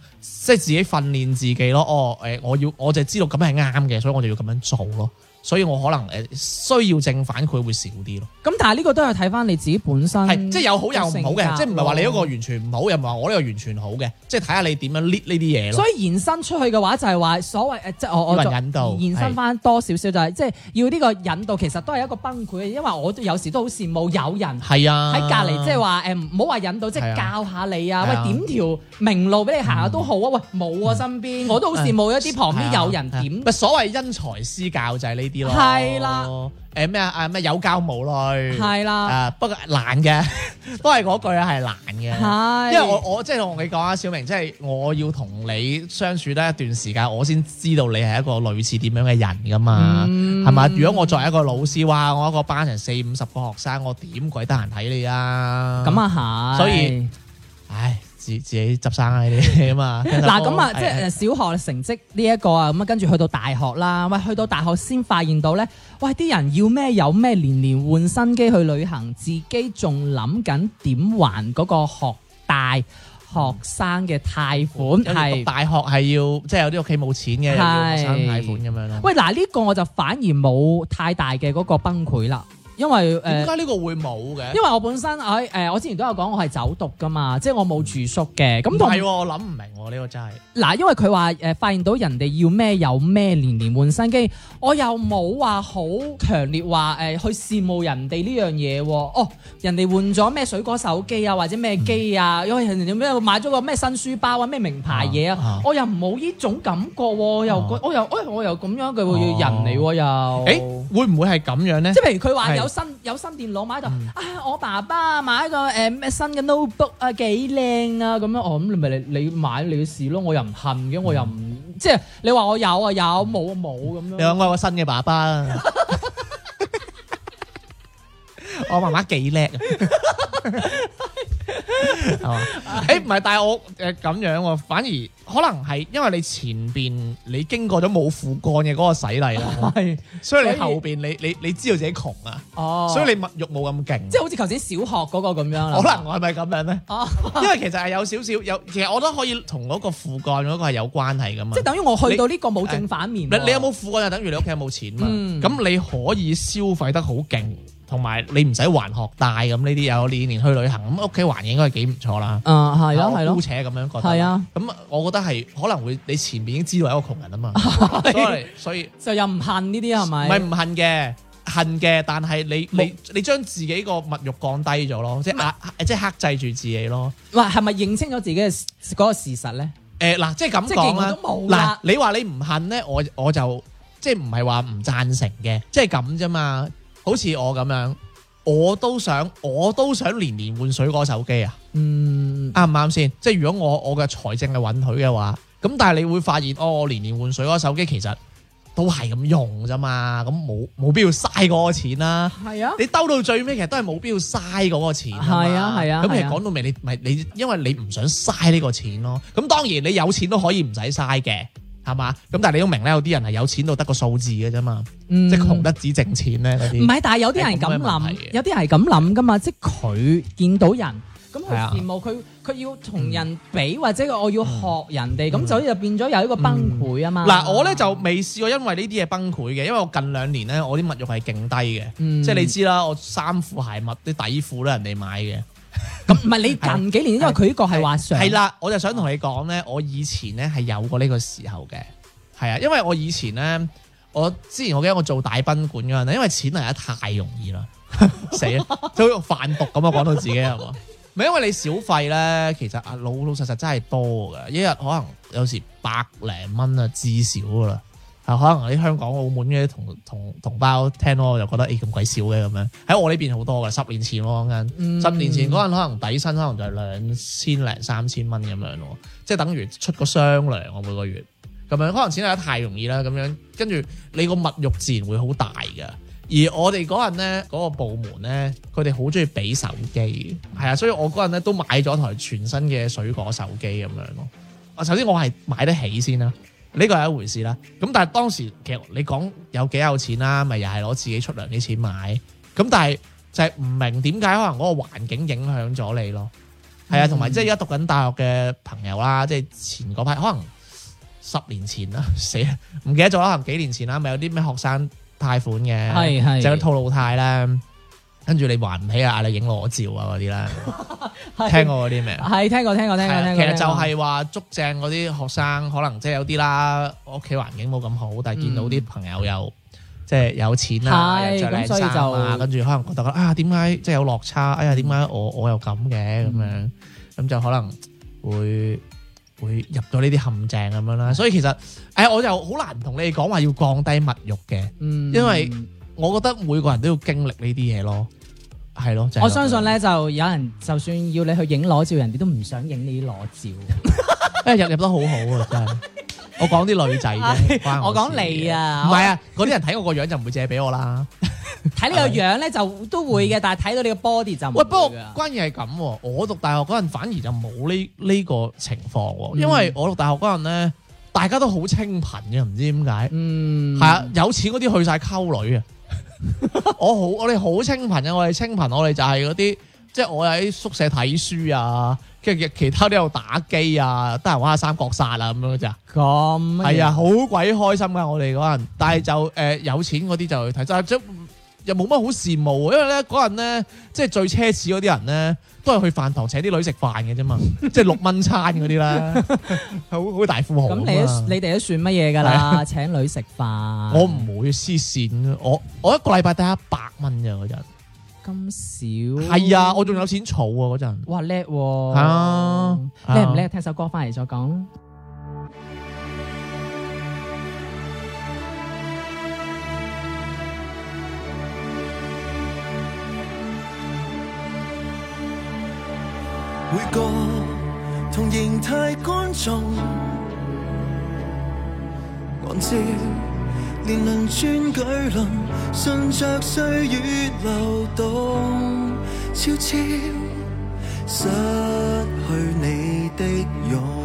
即係自己訓練自己咯。哦，誒，我要我就知道咁樣係啱嘅，所以我就要咁樣做咯。所以我可能誒需要正反饋會少啲咯。咁但係呢個都係睇翻你自己本身即係有好有唔好嘅，格即係唔係話你呢個完全唔好，哦、又唔係話我呢個完全好嘅，即係睇下你點樣 lead 呢啲嘢咯。所以延伸出去嘅話就係話所謂、呃、即係我引我就延伸翻多少少就係即係要呢個引導，其實都係一個崩潰，因為我都有時都好羨慕有人係啊喺隔籬的、嗯，即係話誒唔好話引導，即係教下你啊，喂，點條明路俾你行下都好。冇啊喂，冇啊身邊，嗯、我都好羨慕一啲旁邊有人點、嗯嗯？所謂因材施教就係呢啲咯。係啦，誒咩、欸、啊？啊咩有教冇類。係啦，啊不過難嘅， <laughs> 都係嗰句係難嘅。係是，因為我我即係同你講啊，小明，即、就、係、是、我要同你相處得一段時間，我先知道你係一個類似點樣嘅人噶嘛，係咪、嗯？如果我作為一個老師，哇，我一個班成四五十個學生，我點鬼得閒睇你啊？咁啊係。所以，唉。自自己執生呢啲啊嘛，嗱 <laughs> 咁到啊，即係小學成績呢一個啊，咁啊 <laughs> 跟住去到大學啦，喂， <laughs> 去到大學先發現到咧，喂，啲人要咩有咩，年年換新機去旅行，自己仲諗緊點還嗰個學大學生嘅貸款，係、嗯、是大學係要，即、就、係、是、有啲屋企冇錢嘅學生貸款咁樣咯。喂，嗱、呃、呢、這個我就反而冇太大嘅嗰個崩潰啦。因為誒，點解呢個會冇嘅？因為我本身喺誒、欸欸就是，我之前都有講我係走讀噶嘛，即係我冇住宿嘅。咁同係，我諗唔明喎，呢個真係嗱，因為佢話誒，發現到人哋要咩有咩，年年換新機，我又冇話好強烈話誒、欸、去羨慕人哋呢樣嘢。哦，人哋換咗咩水果手機啊，或者咩機啊，因為、嗯、人哋點樣買咗個咩新書包啊，咩名牌嘢啊，啊我又冇呢種感覺，又、啊、我又、欸、我又咁樣，佢會要人嚟，又誒、欸，會唔會係咁樣咧？即係譬如佢話有有新有新電腦買台，啊我爸爸買一個誒新嘅 notebook 啊幾靚啊咁樣哦，咁你咪你你買你嘅事咯，我又唔恨嘅，我又唔即係你話我有啊有，冇啊冇咁樣。你話我新嘅爸爸，我媽媽幾靚。誒、 <laughs> 哦，唔係、欸，但係我誒咁、呃、樣、啊，反而可能係因為你前邊你經過咗冇父幹嘅嗰個洗禮啦，係是，所以你後邊你你你知道自己窮啊，哦，所以你物欲冇咁勁，即係好似頭先小學嗰個咁樣啦。可能我係咪咁樣咧？哦，因為其實係有少少有，其實我都可以同嗰個父幹嗰個係有關係噶嘛。即係等於我去到呢個冇正反面、啊。你有冇父幹就等於你屋企有冇錢嘛？嗯，咁你可以消費得好勁。同埋你唔使還學貸咁呢啲有年年去旅行，咁屋企環境應該係幾唔錯啦。嗯，係咯，係咯，姑且咁樣覺得。係啊，咁我覺得係可能會你前面已經知道係一個窮人啊嘛，所以所以就又唔恨呢啲，係咪？唔係唔恨嘅，恨嘅，但係你你你將自己個物欲降低咗咯，即係即係克制住自己咯。嗱，係咪認清咗自己嘅嗰個事實咧？誒，嗱，即係咁講啦。嗱，你話你唔恨咧，我我就即係唔係話唔贊成嘅，即係咁啫嘛。好似我咁樣，我都想我都想年年換水果手機啊。嗯，啱唔啱先？即係如果我我嘅財政係允許嘅話，咁但係你會發現，哦，我年年換水果手機其實都係咁用啫嘛，咁冇冇必要嘥嗰個錢啦。係啊，啊你兜到最尾其實都係冇必要嘥嗰個錢。係啊，係啊，咁其實講到尾你咪你，你，你，因為你唔想嘥呢個錢咯啊。咁當然你有錢都可以唔使嘥嘅。係嘛？咁但係你都明咧，有啲人係有錢到得個數字嘅啫嘛，嗯、即係窮得只剩錢咧啲。唔係，但係有啲人咁諗，有啲人係咁諗噶嘛，即係佢見到人咁佢羨慕佢佢要同人比，或者我要學人哋，咁所以就變咗有呢個崩潰啊嘛。嗱、嗯嗯嗯啊，我咧就未試過因為呢啲嘢崩潰嘅，因為我近兩年咧我啲物慾係勁低嘅，即係、嗯、你知啦，我衫褲鞋襪啲底褲咧人哋買嘅。咁唔係你近幾年，的因為佢呢個係話，係啦，我就想同你講咧，我以前咧係有過呢個時候嘅，係啊，因為我以前咧，我之前我記得我做大賓館噶，因為錢嚟得太容易啦，死， <laughs> 就好似販毒咁啊，講到自己係嘛，唔係 <laughs> 因為你小費咧，其實啊老老實實真係多噶，一日可能有時百零蚊啊至少噶啦。可能喺香港、澳門嘅同同同胞聽咯，我就覺得誒咁鬼少嘅咁樣。喺我呢邊好多嘅，十年前咯嗰陣，十年前嗰陣、嗯、可能底薪可能就係兩千零三千蚊咁樣咯，即係等於出個雙糧我每個月。咁樣可能錢嚟得太容易啦，咁樣跟住你個物欲自然會好大嘅。而我哋嗰陣咧，嗰、嗰個部門咧，佢哋好中意俾手機，係啊，所以我嗰陣咧都買咗台全新嘅水果手機咁樣咯。啊，首先我係買得起先啦。呢個係一回事啦，咁但係當時其實你講有幾有錢啦，咪又係攞自己出糧啲錢買，咁但係就係唔明點解可能嗰個環境影響咗你咯，係啊、嗯，同埋即係而家讀緊大學嘅朋友啦，即係前嗰排可能十年前啦，死啦，唔記得咗可能幾年前啦，咪有啲咩學生貸款嘅，係係就係套路貸啦。跟住你還唔起啊！你影裸照啊嗰啲啦，聽過嗰啲咩？係聽過聽過聽過聽過。其實就係話，捉正嗰啲學生可能即係有啲啦，屋企環境冇咁好，嗯、但係見到啲朋友又即係有錢啦，又着靚衫啊，跟住可能覺得啊點解即係有落差？哎呀點解我我又咁嘅咁樣？咁、嗯、就可能會會入咗呢啲陷阱咁樣啦。所以其實誒、哎，我就好難同你哋講話要降低物欲嘅，因為。我覺得每個人都要經歷呢啲嘢咯，係咯。就是，我相信咧，就有人就算要你去影裸照，人哋都唔想影你裸照。 <laughs> <laughs> 入入得好好啊，真係。 <laughs> 我講啲女仔嘅， <laughs> 關我講你啊，唔係啊，嗰啲 <laughs> 人睇我個樣就唔會借俾我啦。睇 <laughs> 你個樣咧就都會嘅，嗯、但係睇到你個 body 就唔會喂。不過關鍵係咁，我讀大學嗰陣反而就冇呢呢個情況，啊，因為我讀大學嗰陣咧，大家都好清貧嘅，唔知點解。嗯，係 <laughs> 啊，有錢嗰啲去晒溝女啊。 <laughs> 我好，我哋好清貧啊！我哋清貧，我哋就係嗰啲，即係我喺宿舍睇書啊，跟住，其他都有打機啊，得閒玩下三國殺啊咁樣咋？咁係啊，好鬼、啊、開心噶！我哋嗰陣，但係就誒、呃、有錢嗰啲就去睇，就即。就又冇乜好羨慕，因為咧嗰陣咧，即係最奢侈嗰啲人咧，都係去飯堂請啲女食飯嘅啫嘛， <laughs> 即係六蚊餐嗰啲啦，係好好大富豪。咁你你哋都算乜嘢㗎啦？ <laughs> 請女食飯，我唔會黐閃黐線嘅，我我一個禮拜得一百蚊咋嗰陣，咁少。係小啊，我仲有錢儲啊嗰陣。哇叻喎！係啊，叻唔叻？聽首歌翻嚟再講。每個同形太乾燥，按照年輪轉巨輪，順着歲月流動，悄悄失去你的勇。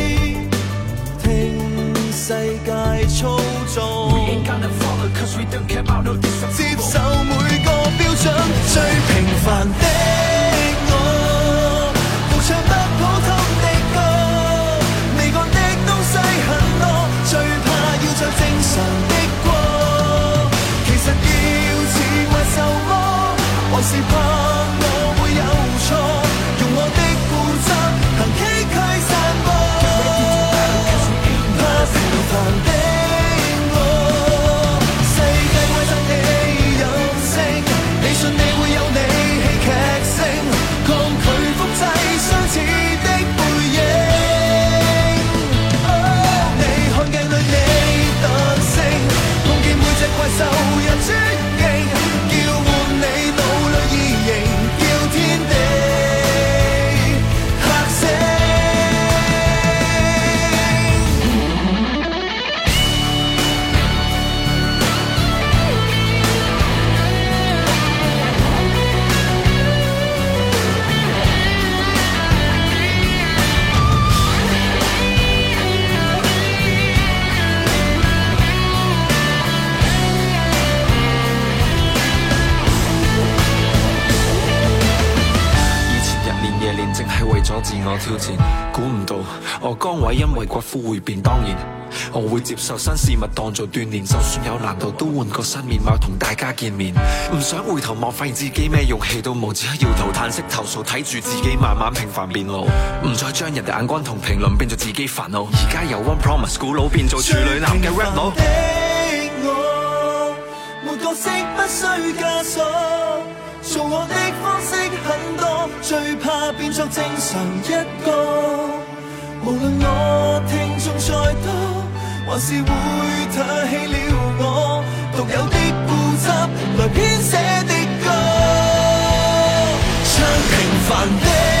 世界操縱，接受每個標準最平凡的。崗位因為骨夫會變，當然我會接受新事物當做鍛鍊，就算有難度都換個新面貌同大家見面。唔想回頭望，發現自己咩勇氣都冇，只係搖頭嘆息投訴，睇住自己慢慢平凡變老，唔再將人哋眼光同評論變做自己煩惱。而家由 One Promise 古老變做處女男嘅 Red 老。無論我聽眾再多，還是會睇起了我，獨有的固執，來編寫的歌，唱平凡的。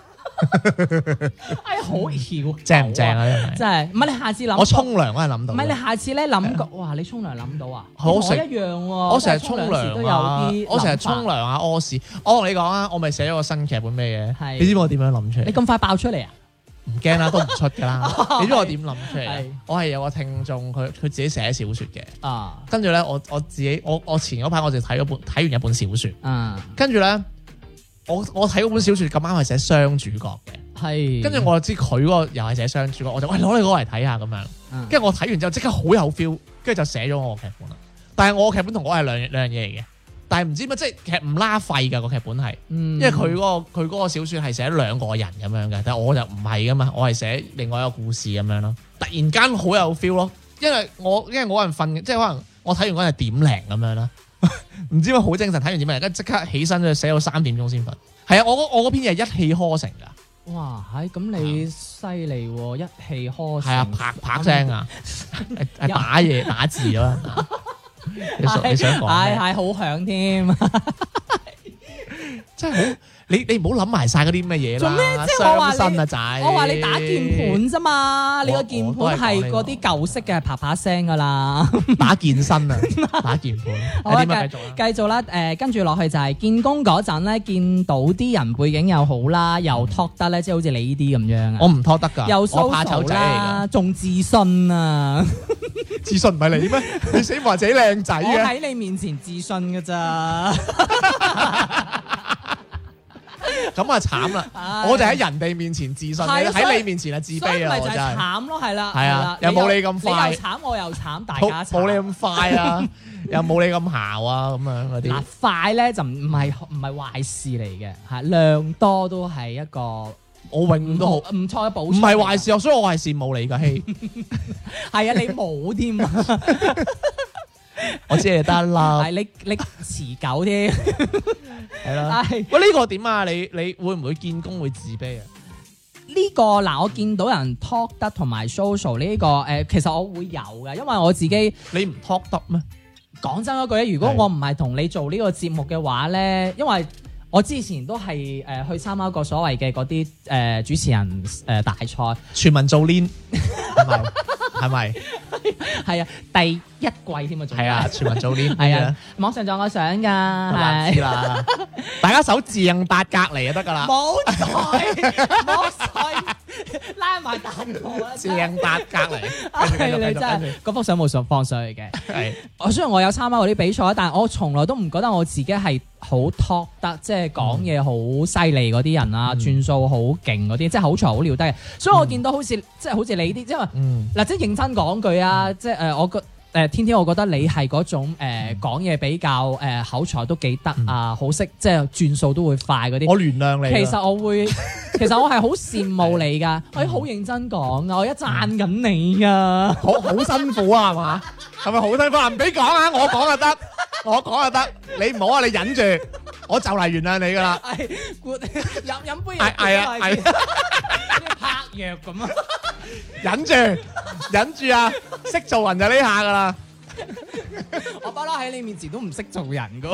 哎，好巧，正唔正啊？真係，唔係你下次諗我沖涼嗰陣諗到，唔係你下次咧諗個哇，你沖涼諗到啊？好一樣我成日沖涼都有啲，我成日沖涼啊屙屎。我同你講啊，我咪寫咗個新劇本咩嘢？係，你知唔知我點樣諗出嚟？你咁快爆出嚟啊？唔驚啦，都唔出噶啦。你知我點諗出嚟？我係有個聽眾，佢佢自己寫小說嘅啊。跟住咧，我我自己，我我前嗰排我就睇咗本，睇完一本小說啊。跟住咧。我我睇嗰本小說咁啱係寫雙主角嘅，係的，跟住我就知佢嗰個又係寫雙主角，我就喂攞你嗰嚟睇下咁樣，跟住，嗯、我睇完之後即刻好有 feel，跟住就寫咗我劇本啦。但係我劇本同我係兩兩樣嘢嚟嘅，但係唔知乜即係其實唔拉廢噶個劇本係，嗯、因為佢嗰，嗰個佢個小說係寫兩個人咁樣嘅，但係我就唔係噶嘛，我係寫另外一個故事咁樣咯。突然間好有 feel 咯，因為我因為我個人瞓，即係可能我睇完嗰陣係點零咁樣啦。唔知咩好精神，睇完點啊？而家即刻起身就寫到三點鐘先瞓。係啊，我我嗰篇嘢係一氣呵成㗎。哇！唉，咁你犀利，啊，一氣呵成。係啊，啪啪聲啊，係打嘢打字啦。 <laughs> 你想你想講咩？係，係，好響添！ <laughs> 真係好。你你唔好諗埋晒嗰啲咩嘢啦！做咩？即係我話你，我話你打鍵盤啫嘛，你個鍵盤係嗰啲舊式嘅，啪啪聲噶啦。打健身啊，打鍵盤。好啊，繼續繼續啦。誒，跟住落去就係見工嗰陣咧，見到啲人背景又好啦，又 talk 得咧，即係好似你呢啲咁樣我唔 talk 得噶，又怕醜仔仲自信啊！自信唔係你咩？你死話自己靚仔啊！喺你面前自信噶咋？咁啊慘啦！我就喺人哋面前自信，喺你面前啊自卑啊！我真係慘咯，係啦，係啊，又冇你咁快，你又慘，我又慘，大家冇你咁快啊，又冇你咁姣啊，咁樣嗰啲。嗱，快咧就唔係唔係壞事嚟嘅，吓量多都係一個，我永遠都好唔錯嘅補。唔係壞事，所以我係羨慕你㗎，係啊，你冇添。我知係得啦，係 <laughs> 你你持久添，係 <laughs> 咯 <laughs> 的。喂，呢、這個點啊？你你會唔會見工會自卑啊？呢、這個嗱，我見到人 talk 得同埋 social 呢、這個誒，其實我會有嘅，因為我自己你唔 talk 得咩？講真嗰句，如果我唔係同你做呢個節目嘅話咧，的因為我之前都係誒去參加過所謂嘅嗰啲誒主持人誒大賽，全民做 link 係咪？係啊， <laughs> 第。 <laughs> 的 <laughs> 一季添啊，係啊，全民造星，係啊，網上撞我相㗎，係啦，大家搜字印八格嚟啊，就得㗎啦，冇錯，冇錯，拉埋大幕啊，字印八格嚟，係你真，嗰幅相冇上放上去嘅，係，我雖然我有參加嗰啲比賽，但係我從來都唔覺得我自己係好 talk 得，即係講嘢好犀利嗰啲人啊，轉數好勁嗰啲，即係口才好了得嘅，所以我見到好似即係好似你啲，即係話嗱，即係認真講句啊，即係誒，我覺。誒天天，我覺得你係嗰種誒講嘢比較誒、呃、口才都幾得啊，嗯、好識即係、就是、轉數都會快嗰啲。我原諒你。其實我會，其實我係好羨慕你㗎，佢 <laughs> 的、欸、好認真講㗎，我一讚緊你㗎、啊，嗯、好好辛苦啊，係嘛？ <laughs> 係咪好辛苦？唔俾講啊，我講就得，我講就得。你唔好啊，你忍住，我就嚟原諒啦你噶啦。係 good，飲飲杯。係係啊係。拍藥咁啊，I would. <laughs> 忍住，忍住啊，識做人就呢下噶啦。 <laughs> 我巴啦喺你面前都唔識做人噶，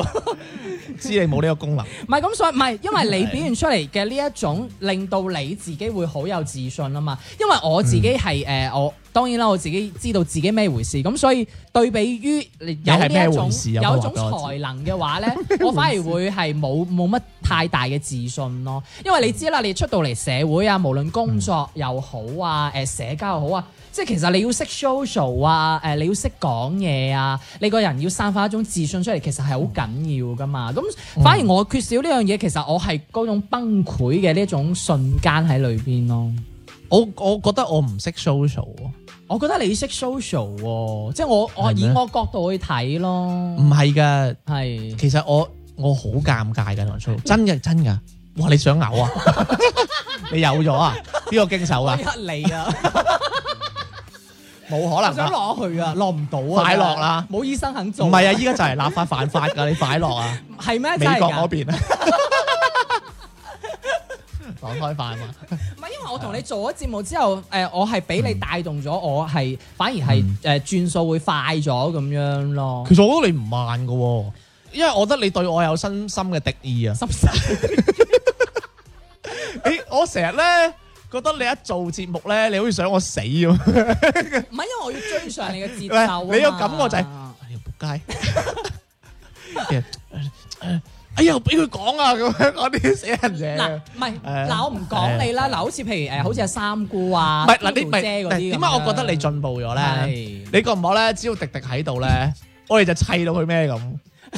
<laughs> 知你冇呢個功能。唔係咁，所以唔係，因為你表現出嚟嘅呢一種，令到你自己會好有自信啊嘛。因為我自己係誒、嗯呃，我當然啦，我自己知道自己咩回事。咁所以對比於你有呢咩回有，有，有一種才能嘅話咧，我反而會係冇冇乜太大嘅自信咯。因為你知啦，你出到嚟社會啊，無論工作又好啊，誒、嗯、社交又好啊。即係其實你要識 social 啊，誒，你要識講嘢啊，你個人要散發一種自信出嚟，其實係好緊要噶嘛。咁反而我缺少呢樣嘢，其實我係嗰種崩潰嘅呢種瞬間喺裏邊咯。我我覺得我唔識 social，我覺得你識 social，即係我我嗎以我角度去睇咯。唔係噶，係是其實我我好尷尬噶、so.，真嘅真噶。哇，你想嘔啊？ <laughs> <laughs> 你有咗啊？邊個經手啊？你啊？ <laughs> 冇可能啊！想攞佢啊，落唔到啊！快落啦！冇醫生肯做。唔係啊，依家就係立法犯法噶，你快落啊！係咩？美國嗰邊啊？講開快嘛？唔係，因為我同你做咗節目之後，誒，我係俾你帶動咗，我係反而係誒轉數會快咗咁樣咯。其實我覺得你唔慢噶，因為我覺得你對我有深深嘅敵意啊！濕晒。誒，我成日咧。覺得你一做節目咧，你好似想我死咁。唔係，因為我要追上你嘅節奏啊嘛。你個感覺就係，哎呀仆街！哎呀，俾佢講啊，咁樣我啲死人仔。嗱，唔係，嗱我唔講你啦。嗱，好似譬如誒，好似阿三姑啊，唔係嗱，你唔係點解我覺得你進步咗咧？你覺唔覺咧？只要迪迪喺度咧，我哋就砌到佢咩咁，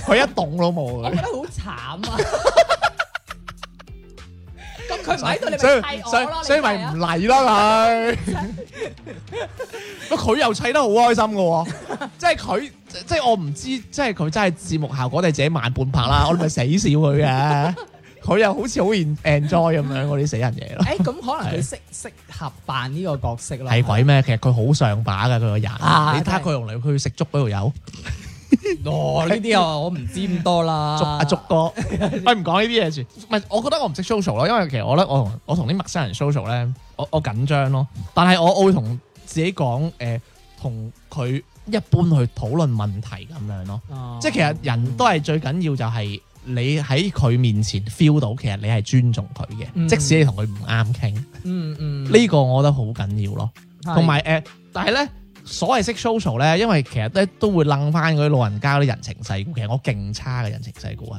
佢一動都冇。好慘啊！咁佢唔喺度你咪砌我咯，所以咪唔嚟咯佢。以不過佢 <laughs> 又砌得好開心噶， <laughs> 即係佢即係我唔知，即係佢真係節目效果你自己慢半拍啦， <laughs> 我哋咪死笑佢嘅。佢 <laughs> 又好似好 enjoy 咁樣嗰啲死人嘢咯。誒、欸，咁可能佢適適合扮呢個角色啦。係是鬼咩？其實佢好上把噶佢、啊、個人，你睇下佢用嚟去食粥嗰度有。 <laughs> 哦，呢啲我我唔知咁多啦。逐啊逐哥， <laughs> 我唔講呢啲嘢住。唔係，我覺得我唔識 social 咯，因為其實我咧，我我同啲陌生人 social 咧，我我緊張咯。但係我我會同自己講，誒、呃，同佢一般去討論問題咁樣咯。哦、即係其實人都係最緊要就係你喺佢面前 feel 到，其實你係尊重佢嘅，嗯、即使你同佢唔啱傾。嗯嗯，呢個我覺得好緊要咯。同埋誒，但係咧。所謂識 social 咧，因為其實咧都會掹翻嗰啲老人家啲人情世故。其實我勁差嘅人情世故係，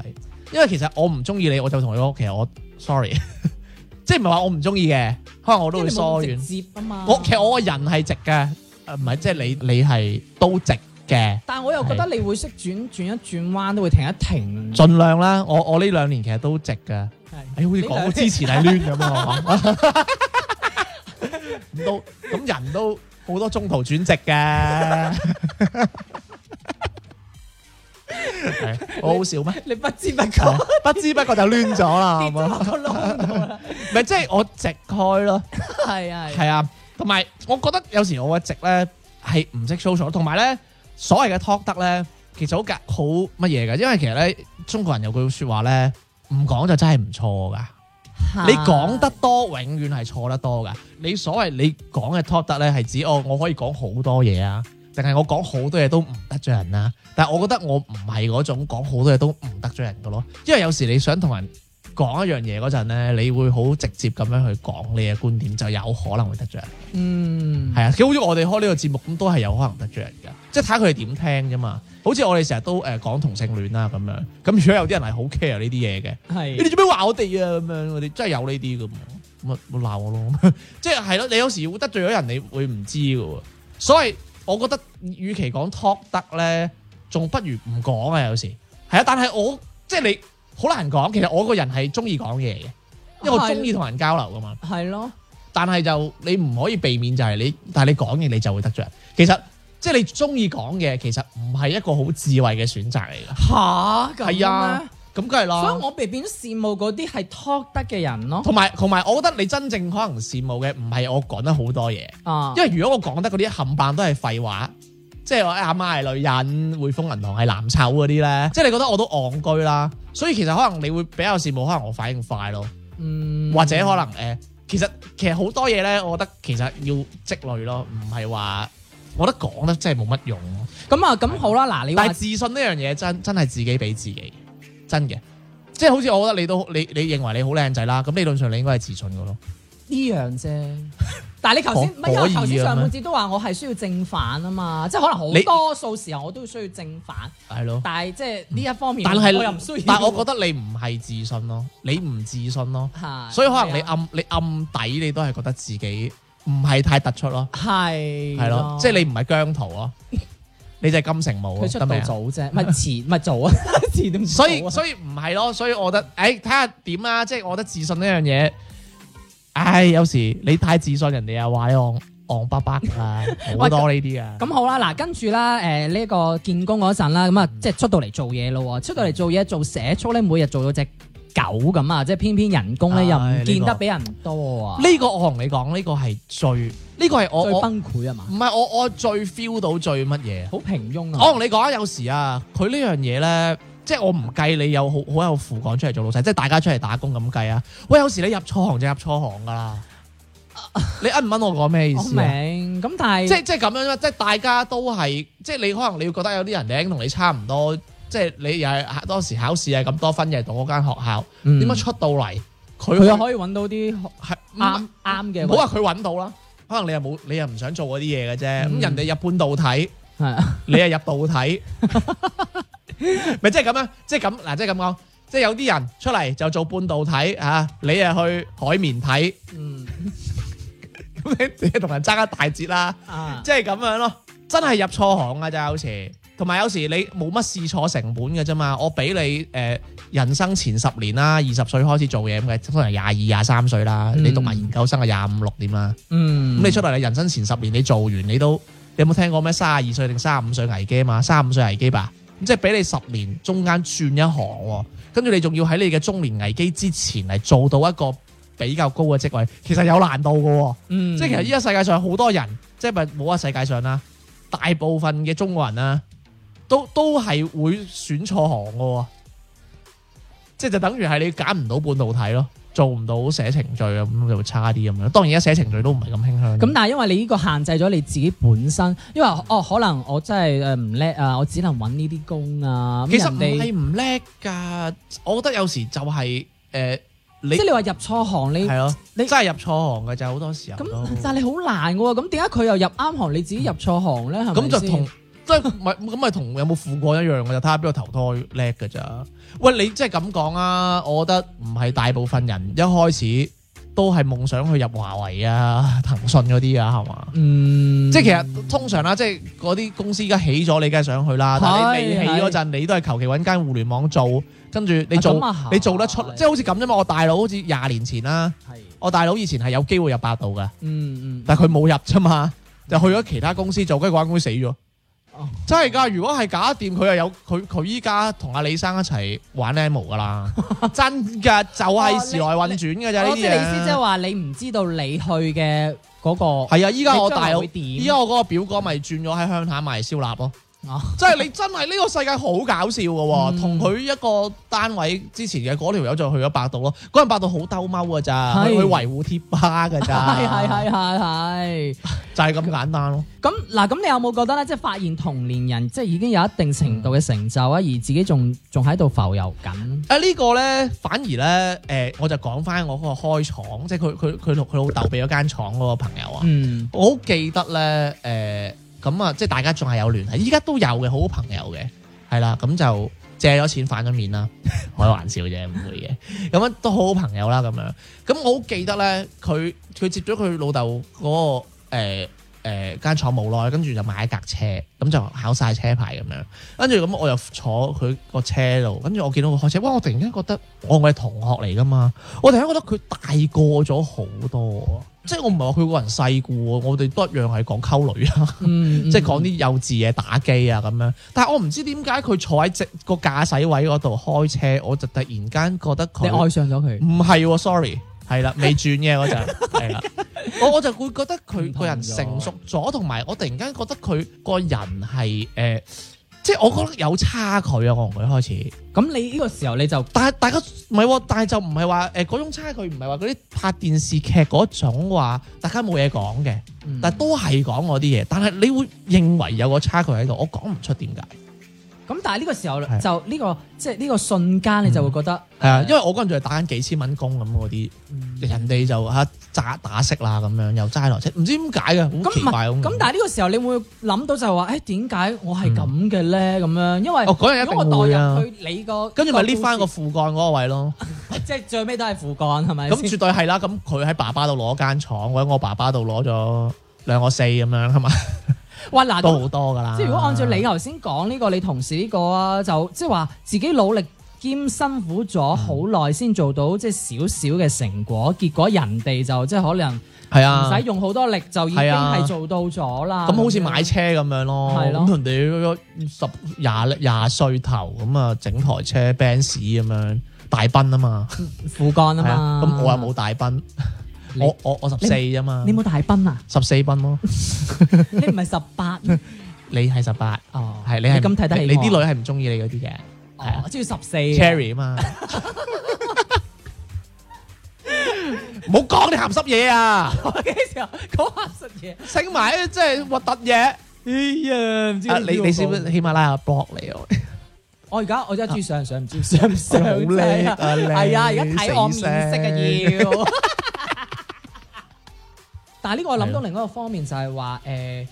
因為其實我唔中意你，我就同佢講，其實我 sorry， <laughs> 即係唔係話我唔中意嘅，可能我都會 sorry。接啊嘛，我其實我個人係直嘅，誒唔係，即係你你係都直嘅。但係我又覺得你會識轉轉一轉彎，都會停一停。盡量啦，我我呢兩年其實都直嘅。係，哎，好似講之前係攣咁啊，都咁兩人都。人都好多中途轉席嘅，我好笑咩？你不知不覺 <laughs> 不知不覺就亂咗啦，唔係即係我直開咯，係啊係啊，同埋我覺得有時我嘅直咧係唔識 social，同埋咧所謂嘅 talk 得咧，其實好夾好乜嘢㗎，因為其實咧中國人有句説話咧，唔講就真係唔錯㗎。你講得多，永遠係錯得多㗎。你所謂你講嘅 top 得咧，係指我我可以講好多嘢啊，定係我講好多嘢都唔得罪人啦？但係我覺得我唔係嗰種講好多嘢都唔得罪人㗎咯，因為有時你想同人講一樣嘢嗰陣咧，你會好直接咁樣去講你嘅觀點，就有可能會得罪人。嗯，係啊，咁好似我哋開呢個節目咁，都係有可能得罪人㗎。即係睇下佢係點聽啫嘛，好似我哋成日都誒、呃、講同性戀啦咁樣，咁如果有啲人係好 care 呢啲嘢嘅，係的、欸、你做咩話我哋啊咁樣？我哋真係有呢啲噶嘛？咁啊冇鬧我咯， <laughs> 即係係咯，你有時會得罪咗人，你會唔知噶喎。所以我覺得，與其講 talk 得咧，仲不如唔講啊。有時係啊，但係我即係你好難講。其實我個人係中意講嘢嘅，因為我中意同人交流噶嘛。係咯的，但係就你唔可以避免就係你，但係你講嘢你就會得罪人。其實。即係你中意講嘅，其實唔係一個好智慧嘅選擇嚟嘅。吓，係啊，咁梗係啦。啊、所以我未必咗羨慕嗰啲係 talk 得嘅人咯。同埋同埋，我覺得你真正可能羨慕嘅，唔係我講得好多嘢。哦、啊。因為如果我講得嗰啲冚棒都係廢話，即係我阿媽係女人，匯豐銀行係藍籌嗰啲咧，即係你覺得我都戇居啦。所以其實可能你會比較羨慕，可能我反應快咯。嗯。或者可能誒、呃，其實其實好多嘢咧，我覺得其實要積累咯，唔係話。我覺得，講得真係冇乜用咯，咁啊咁好的啦，嗱，你但係自信呢樣嘢真真係自己俾自己，真嘅，即係好似我覺得你都你你認為你好靚仔啦，咁理論上你應該係自信噶咯，呢樣啫，但係你頭先唔係頭先上半節都話我係需要正反啊嘛，即係可能好多數時候我都需要正反，係咯你，但係即係呢一方面，但係我又唔需要，但係我覺得你唔係自信咯，你唔自信咯，的所以可能你暗的你暗底你都係覺得自己。唔係太突出咯，係係咯，的即係你唔係姜濤咯， <laughs> 你就係金城武，佢出道早啫，唔係遲，唔係早啊， <laughs> 啊所，所以所以唔係咯，所以我覺得，誒、哎，睇下點啊，即、就、係、是、我覺得自信呢樣嘢，唉、哎，有時你太自信人哋又話你戇戇巴巴啊， <laughs> 多好多呢啲啊。咁好啦，嗱，跟住啦，誒，呢個建工嗰陣啦，咁啊、嗯，即係出到嚟做嘢咯，出到嚟做嘢做社畜咧，每日做咗隻。狗咁啊，即係偏偏人工咧又唔見得比人多啊！呢、哎這個這個我同你講，呢、這個係最，呢、這個係我崩潰啊嘛！唔係我我最 feel 到最乜嘢？好平庸啊！我同你講有時啊，佢呢樣嘢咧，即係我唔計你有好好有父幹出嚟做老細，即係大家出嚟打工咁計啊！喂，有時你入錯行就入錯行噶啦！ <laughs> 你呃唔呃我講咩意思我明。咁但係即係即係咁樣啊！即係大家都係，即係你可能你會覺得有啲人名同你差唔多。即係你又係當時考試係咁多分嘅嗰間學校，點樣出到嚟佢又可以揾到啲係啱啱嘅？唔好話佢揾到啦，可能你又冇，你又唔想做嗰啲嘢嘅啫。咁人哋入半導體，係你又入導體，咪即係咁樣？即係咁嗱，即係咁講，即係有啲人出嚟就做半導體啊，你又去海綿體，咁你你同人爭一大截啦，即係咁樣咯，真係入錯行啊！真係好似。同埋有時你冇乜試錯成本嘅啫嘛，我俾你誒、呃、人生前十年啦，二十歲開始做嘢咁嘅，可能廿二廿三歲啦，你讀埋研究生啊廿五六點啦，咁、嗯、你出嚟，你人生前十年你做完你都，你有冇聽過咩三十二歲定三十五歲危機啊嘛，三十五歲危機吧，咁即係俾你十年中間轉一行，跟住你仲要喺你嘅中年危機之前嚟做到一個比較高嘅職位，其實有難度嘅。嗯，即係其實依家世界上好多人，即係咪冇話世界上啦，大部分嘅中國人啦。都都係會選錯行嘅，即係就等於係你揀唔到半導體咯，做唔到寫程序啊咁就會差啲咁樣。當然，一寫程序都唔係咁輕鬆。咁但係因為你呢個限制咗你自己本身，因為哦可能我真係誒唔叻啊，我只能搵呢啲工啊。其實你係唔叻噶，我覺得有時就係、是、誒、呃，你即係你話入錯行，你係咯、啊，你真係入錯行嘅就係好多時候。咁但係你好難嘅喎，咁點解佢又入啱行，你自己入錯行咧？咁就同。咪咁咪同有冇富過一樣，就睇下邊個投胎叻嘅咋？喂，你即係咁講啊？我覺得唔係大部分人一開始都係夢想去入華為啊、騰訊嗰啲啊，係嘛？嗯，即係其實通常啦，即係嗰啲公司而家起咗，你梗係想去啦。但係你未起嗰陣，你都係求其揾間互聯網做，跟住你做、啊啊、你做得出，是即係好似咁啫嘛。我大佬好似廿年前啦，是我大佬以前係有機會入百度嘅，嗯嗯，但係佢冇入啫嘛，就去咗其他公司做，跟住嗰間公司死咗。真係噶，如果係搞得掂，佢又有佢佢依家同阿李生一齊玩 m 模噶啦， <laughs> 真嘅就係、是、時來運轉嘅啫你，你，你意思即係話你唔知道你去嘅嗰、那個係啊，依家我大佬，依家我嗰個表哥咪轉咗喺鄉下賣燒臘咯。即係 <laughs> 你真係呢、這個世界好搞笑嘅，同佢、嗯、一個單位之前嘅嗰條友就去咗百度咯，嗰人百度好兜踎嘅咋，佢維護貼吧嘅咋，係係係係，就係咁簡單咯。咁嗱、嗯，咁你有冇覺得咧，即係發現同年人即係已經有一定程度嘅成就啊，而自己仲仲喺度浮游緊啊？這個，呢個咧反而咧，誒、呃，我就講翻我嗰個開廠，即係佢佢佢同佢老豆俾咗間廠嗰個朋友啊，嗯，我好記得咧，誒、呃。咁啊，即係大家仲係有聯繫，依家都有嘅，好好朋友嘅，係啦，咁就借咗錢反咗面啦，開 <laughs> 玩笑啫，唔會嘅，咁樣都好好朋友啦，咁樣，咁我好記得咧，佢佢接咗佢老豆嗰個、欸誒、呃、間廠冇耐，跟住就買一架車，咁就考晒車牌咁樣。跟住咁，我又坐佢個車度，跟住我見到佢開車，哇！我突然間覺得我係同學嚟㗎嘛，我突然間覺得佢大過咗好多。即係我唔係話佢個人細故，我哋都一樣係講溝女啊，嗯嗯、 <laughs> 即係講啲幼稚嘢打機啊咁樣。但係我唔知點解佢坐喺即個駕駛位嗰度開車，我就突然間覺得佢，你愛上咗佢？唔係喎，sorry。係啦，未轉嘅嗰陣，係啦， <laughs> 我我就會覺得佢個人成熟咗，同埋我突然間覺得佢個人係誒，即、呃、係、就是、我覺得有差距啊！我同佢開始，咁你呢個時候你就，但係大家唔係，但係就唔係話誒嗰種差距，唔係話嗰啲拍電視劇嗰種話，大家冇嘢講嘅，但係都係講我啲嘢，但係你會認為有個差距喺度，我講唔出點解。咁但係呢個時候就呢個即係呢個瞬間，你就會覺得係因為我嗰陣就打緊幾千蚊工咁嗰啲，人哋就嚇砸打息啦咁樣，又齋落息，唔知點解嘅咁唔係。咁但係呢個時候，你會諗到就係話，誒點解我係咁嘅咧？咁樣因為哦，咁我代入去你個跟住咪匿翻個副幹嗰個位咯，即係最尾都係副幹係咪？咁絕對係啦。咁佢喺爸爸度攞間廠，或者我爸爸度攞咗兩個四咁樣係嘛？喂嗱，都好多噶啦！即係如果按照你頭先講呢個、啊、你同事呢、呢個啊，就即係話自己努力兼辛苦咗好耐先做到即係少少嘅成果，嗯、結果人哋就即係可能係啊，唔使用好多力就已經係做到咗啦。咁好似買車咁樣咯，咁的人哋十廿廿歲頭咁啊，整台車奔馳咁樣大奔啊嘛，父、嗯、幹啊嘛，咁、 <laughs> 嗯、我又冇大奔。 <laughs> 我我我十四啫嘛，你冇大奔啊？十四奔咯，你唔係十八，你係十八哦，係你係咁睇得起我？你啲女係唔中意你嗰啲嘅，哦，我中意十四，Cherry 啊嘛，唔好講啲鹹濕嘢啊！講下濕嘢，請埋即係核突嘢，哎呀唔知你。你你知唔知喜馬拉雅 blog 嚟我？而家我而家住上上唔知上唔上，你係啊，而家睇我面色啊要。但係呢個我諗到另一個方面就係話誒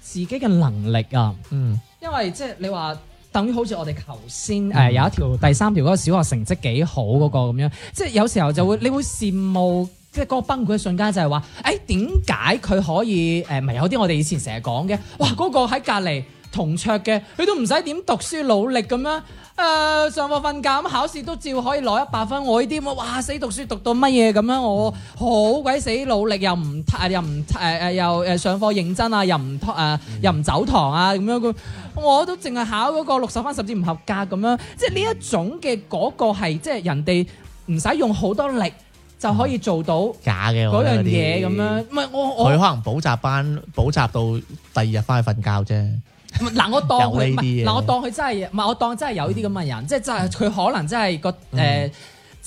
自己嘅能力啊，嗯，因為即係你話等於好似我哋頭先誒有一條第三條嗰個小學成績幾好嗰個咁樣，即係有時候就會，嗯，你會羨慕，即係嗰個崩潰嘅瞬間就係話，誒點解佢可以誒？唔係有啲我哋以前成日講嘅，哇嗰個喺隔籬。同桌嘅佢都唔使點讀書努力咁樣，誒、呃、上課瞓覺咁，考試都照可以攞一百分。我呢啲我哇死讀，讀書讀到乜嘢咁樣？我好鬼死努力，又唔又唔誒誒又誒上課認真啊，又唔誒、呃、又唔走堂啊咁樣。佢我都淨係考嗰個六十分甚至唔合格咁樣，即係呢一種嘅嗰個係即係人哋唔使用好多力就可以做到假嘅嗰樣嘢咁樣。唔係我我佢可能補習班補習到第二日返去瞓覺啫。嗱、 <laughs> 嗯，我當佢唔係，嗱 <laughs> 我當佢真係，唔係 <laughs> 我當真係有呢啲咁嘅人，嗯、即係就係佢可能真係個誒、呃嗯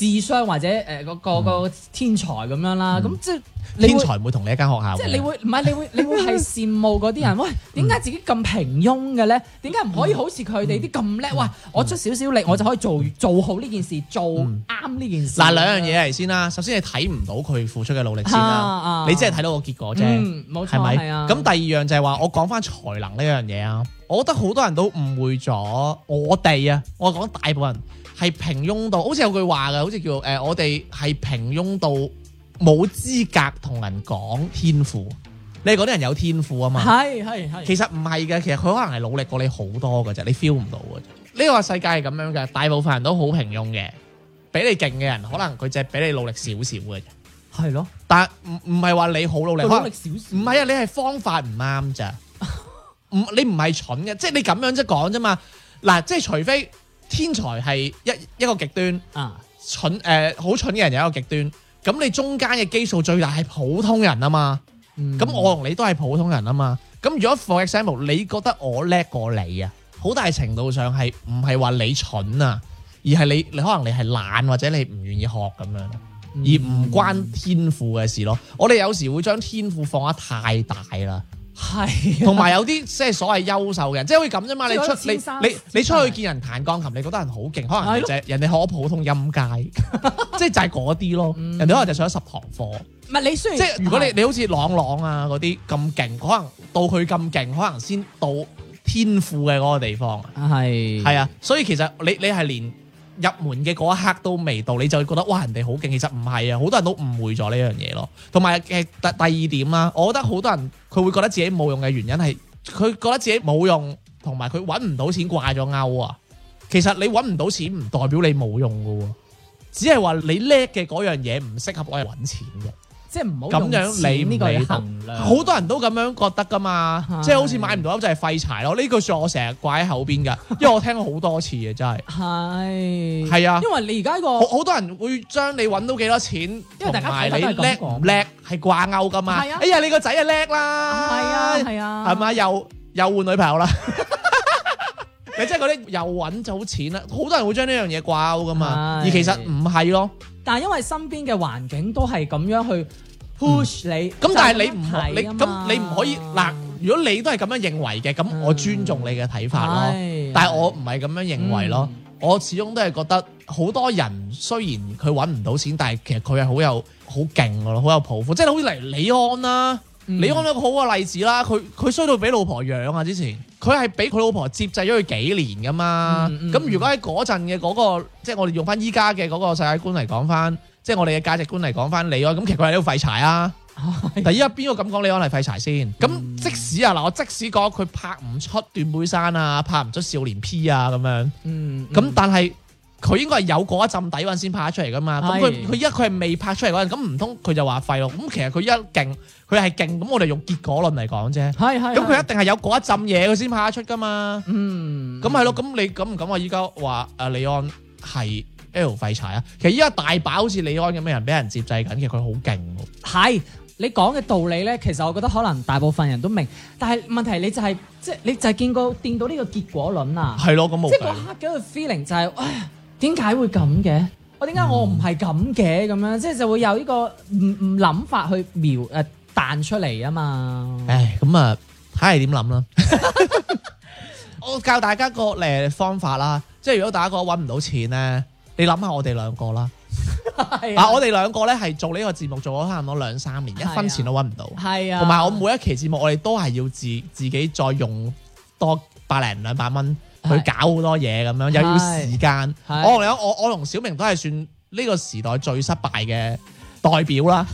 智商或者誒個個天才咁樣啦，咁即係天才會唔會同你一間學校？即係你會唔係你會你會係羨慕嗰啲人？喂，點解自己咁平庸嘅咧？點解唔可以好似佢哋啲咁叻？喂，我出少少力，我就可以做做好呢件事，做啱呢件事。嗱兩樣嘢嚟先啦，首先你睇唔到佢付出嘅努力先啦，你只係睇到個結果啫，係咪？咁第二樣就係話，我講翻才能呢樣嘢啊，我覺得好多人都誤會咗我哋啊，我講大部分人。係平庸到，好似有句話嘅，好似叫誒、呃，我哋係平庸到冇資格同人講天賦。你嗰啲人有天賦啊嘛？係係係。其實唔係嘅，其實佢可能係努力過你好多嘅啫，你 feel 唔到嘅啫。呢個世界係咁樣嘅，大部分人都好平庸嘅，比你勁嘅人可能佢淨係比你努力少少嘅啫。係咯的。但唔唔係話你好努力，佢努力少少。唔係啊，你係方法唔啱咋？唔 <laughs> 你唔係蠢嘅，即係你咁樣即係講啫嘛。嗱，即係除非。天才係一一個極端，啊，蠢誒好、呃、蠢嘅人有一個極端，咁你中間嘅基數最大係普通人啊嘛，咁、嗯、我同你都係普通人啊嘛，咁如果 for example，你覺得我叻過你啊，好大程度上係唔係話你蠢啊，而係你你可能你係懶或者你唔願意學咁樣，嗯、而唔關天賦嘅事咯，我哋有時會將天賦放得太大啦。係，同埋、啊、有啲即係所謂優秀嘅人，即係會咁啫嘛。你出你你你出去見人彈鋼琴，你覺得人好勁，可能就係的人哋學普通音階，即係 <laughs> 就係嗰啲咯。嗯、人哋可能就上咗十堂課。唔係你雖然即係如果你你好似朗朗啊嗰啲咁勁，可能到佢咁勁，可能先到天賦嘅嗰個地方。係係的啊，所以其實你你係連。入門嘅嗰一刻都未到，你就會覺得哇，人哋好勁，其實唔係啊，好多人都誤會咗呢樣嘢咯。同埋嘅第第二點啦，我覺得好多人佢會覺得自己冇用嘅原因係佢覺得自己冇用，同埋佢揾唔到錢掛咗鈎啊。其實你揾唔到錢唔代表你冇用噶，只係話你叻嘅嗰樣嘢唔適合我嚟揾錢嘅。即係唔好咁樣，理呢個衡量，好多人都咁樣覺得噶嘛。即係好似買唔到屋就係廢柴咯。呢句説我成日掛喺口邊噶，因為我聽過好多次嘅，真係。係係啊，因為你而家個好多人會將你揾到幾多錢同埋你叻唔叻係掛鈎噶嘛。係啊，哎呀，你個仔啊叻啦。係啊係啊，係咪？又又換女朋友啦。你即係嗰啲又揾就好錢啦，好多人會將呢樣嘢掛鈎噶嘛。而其實唔係咯。但係因為身邊嘅環境都係咁樣去 push 你，咁、嗯、這但係你唔可你咁你唔可以嗱，如果你都係咁樣認為嘅，咁我尊重你嘅睇法咯。嗯、但係我唔係咁樣認為咯，嗯、我始終都係覺得好多人雖然佢揾唔到錢，但係其實佢係好有好勁咯，好有抱負，即係好似嚟李安啦、啊。你、mm hmm. 安一個好嘅例子啦，佢佢衰到俾老婆養啊！之前佢係俾佢老婆接濟咗佢幾年噶嘛，咁、mm hmm. 如果喺嗰陣嘅嗰個，即、就、係、是、我哋用翻依家嘅嗰個世界觀嚟講翻，即、就、係、是、我哋嘅價值觀嚟講翻，你安咁其實係一個廢柴啊！Oh, yes. 但依家邊個咁講李安係廢柴先？咁、mm hmm. 即使啊，嗱我即使講佢拍唔出《段背山》啊，拍唔出《少年 P 啊》啊咁樣，咁、hmm. 但係。佢應該係有嗰一浸底蘊先拍得出嚟噶嘛？咁佢佢依家佢係未拍出嚟嗰陣，咁唔通佢就話廢咯？咁其實佢一勁，佢係勁，咁我哋用結果論嚟講啫。係係的。咁佢一定係有嗰一浸嘢佢先拍得出噶嘛？嗯。咁係咯，咁、嗯、你敢唔敢話依家話阿李安係 L 廢柴啊？其實依家大把好似李安咁嘅人俾人接濟緊，嘅，佢好勁。係你講嘅道理咧，其實我覺得可能大部分人都明，但係問題、就係、你就係即係你就係見過掂到呢個結果論啊？係咯，咁即係嗰刻嘅 feeling 就係、就係。點解會咁嘅？我點解我唔係咁嘅？咁樣、嗯、即係就會有呢個唔唔諗法去描誒彈、呃、出嚟啊嘛！唉，咁啊睇係點諗啦？ <laughs> <laughs> 我教大家個誒方法啦，即係如果大家覺得搵唔到錢咧，你諗下我哋兩個啦。啊，啊，我哋兩個咧係做呢個節目做咗差唔多兩三年，啊、一分錢都搵唔到。係啊，同埋我每一期節目我哋都係要自己自己再用多百零兩百蚊。去搞好多嘢咁樣，又要時間。我嚟講，我我同小明都係算呢個時代最失敗嘅代表啦，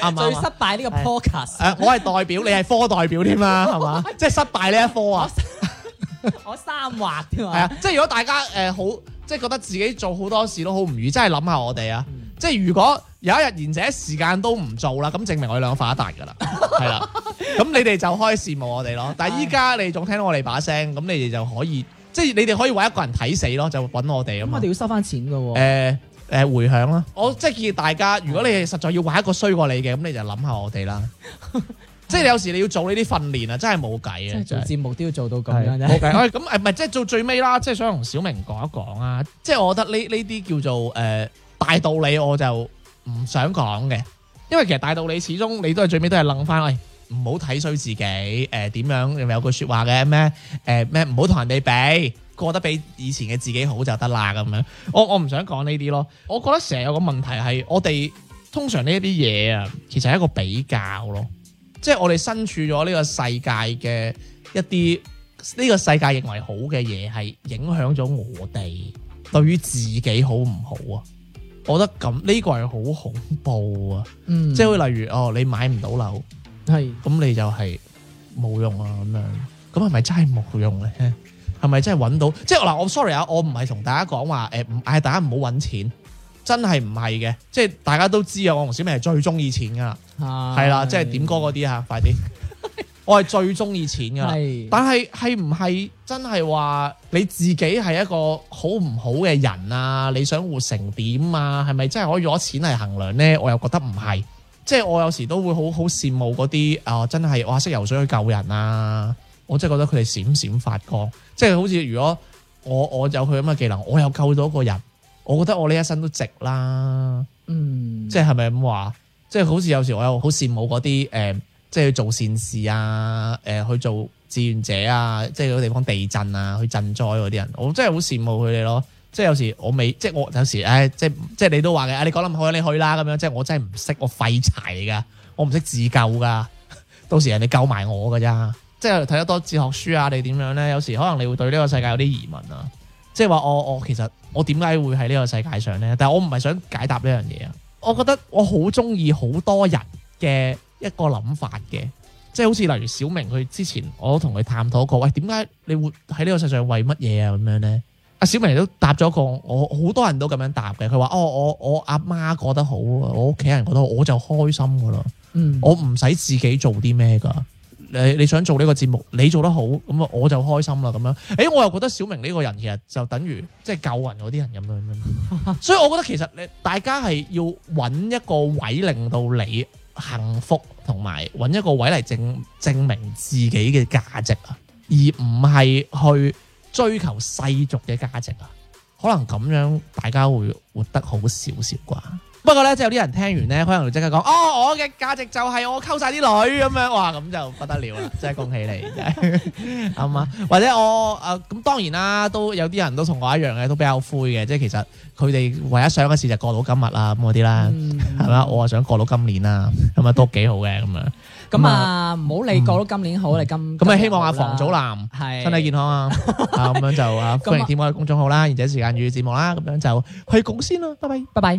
係嘛 <laughs> 吧？最失敗呢個 podcast，我係代表，你係科代表添啦，係嘛？ <laughs> 即係失敗呢一科啊！ <laughs> 我三劃添啊！即係如果大家誒、呃、好，即係覺得自己做好多事都好唔如，真係諗下我哋啊！即係如果有一日賢者時間都唔做啦，咁證明我哋兩個發達噶啦，係啦。 <laughs> 咁你哋就開始羨慕我哋咯。但係依家你仲聽到我哋把聲，咁唉你哋就可以，即係你哋可以揾一個人睇死咯，就揾我哋啊，我哋要收翻錢噶喎、哦。誒回、呃呃、響啦！我即係建議大家，如果你哋實在要玩一個衰過你嘅，咁的你就諗下我哋啦。 <laughs> 即係有時你要做呢啲訓練啊，真係冇計啊！做節目都要做到咁樣冇計。咁誒唔係，即係、 <laughs> 哎就是、做最尾啦。即、就、係、是、想同小明講一講啊。即、就、係、是、我覺得呢呢啲叫做誒。呃大道理我就唔想講嘅，因為其實大道理始終你都係最尾都係諗返，喂唔好睇衰自己，誒、呃、點樣？有句說話嘅咩？誒咩唔好同人哋比，過得比以前嘅自己好就得啦咁樣。我我唔想講呢啲咯，我覺得成日有個問題係我哋通常呢一啲嘢啊，其實係一個比較咯，即係我哋身處咗呢個世界嘅一啲呢、呢個世界認為好嘅嘢，係影響咗我哋對於自己好唔好啊？我覺得咁呢、呢個係好恐怖啊！嗯，即係會例如哦，你買唔到樓，係咁是你就係冇用啊咁樣。咁係咪真係冇用咧？係咪真係揾到？即係嗱，我 sorry 啊，我唔係同大家講話誒，嗌、呃、大家唔好揾錢，真係唔係嘅。即係大家都知啊，我同小明係最中意錢噶啦，係啦是，即係點歌嗰啲啊，快啲！ <laughs> 我係最中意錢噶是但係係唔係真係話你自己係一個好唔好嘅人啊？你想活成點啊？係咪真係可以攞錢嚟衡量呢？我又覺得唔係，即係我有時都會好好羨慕嗰啲誒，真係我識游水去救人啊！我真係覺得佢哋閃閃發光，即係好似如果我我有佢咁嘅技能，我又救到一個人，我覺得我呢一生都值啦。嗯，即係係咪咁話？即係好似有時我有好羨慕嗰啲誒。嗯即係去做善事啊，誒、呃、去做志願者啊，即係嗰地方地震啊，去賑災嗰啲人，我真係好羨慕佢哋咯。即係有時我未，即係我有時，誒、哎，即係即係你都話嘅，啊、哎，你講得唔好，你去啦咁樣。即係我真係唔識，我廢柴嚟㗎，我唔識自救㗎。到時人哋救埋我㗎咋。即係睇得多哲學書啊，你點樣咧？有時可能你會對呢個世界有啲疑問啊。即係話我我其實我點解會喺呢個世界上咧？但係我唔係想解答呢樣嘢啊。我覺得我好中意好多人嘅。一個諗法嘅，即係好似例如小明佢之前，我都同佢探討過，喂、哎，點解你會喺呢個世上為乜嘢啊？咁樣咧，阿小明都答咗個，我好多人都咁樣答嘅。佢話哦，我我阿媽過得好，我屋企人過得好，我就開心噶啦。嗯，我唔使自己做啲咩噶。你你想做呢個節目，你做得好，咁啊我就開心啦。咁樣，誒、哎，我又覺得小明呢個人其實就等於即係救人嗰啲人咁樣。 <laughs> 所以我覺得其實你大家係要揾一個位令到你幸福同埋揾一個位嚟證證明自己嘅價值啊，而唔係去追求世俗嘅價值啊，可能咁樣大家會活得好少少啩。不過咧，即係有啲人聽完咧，可能即刻講：哦，我嘅價值就係我溝晒啲女咁樣，哇，咁就不得了啦！真係恭喜你，啱嘛，嗯？或者我誒，咁，呃，當然啦，都有啲人都同我一樣嘅，都比較灰嘅。即係其實佢哋唯一想嘅事就過到今日啦，咁嗰啲啦，係嘛？我啊想過到今年啦，咁，嗯，啊都幾好嘅咁啊。咁，嗯，啊，唔好理過到今年好，你今咁啊，希望阿房祖藍身體健康啊！咁， <laughs> 啊，樣就啊，歡迎添我公眾號啦，然後時間與節目啦，咁樣就去講先啦，拜拜，拜拜。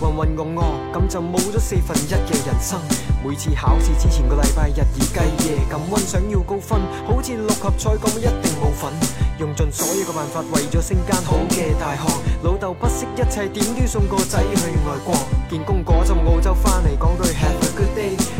渾渾噩噩，咁就冇咗四分一嘅人生。每次考試之前個禮拜，日以繼夜咁溫，想要高分，好似六合彩咁，一定冇份。用盡所有嘅辦法，為咗升間好嘅大學。老豆不惜一切，點都要送個仔去外國，見工嗰陣就澳洲翻嚟講句 Have a good day。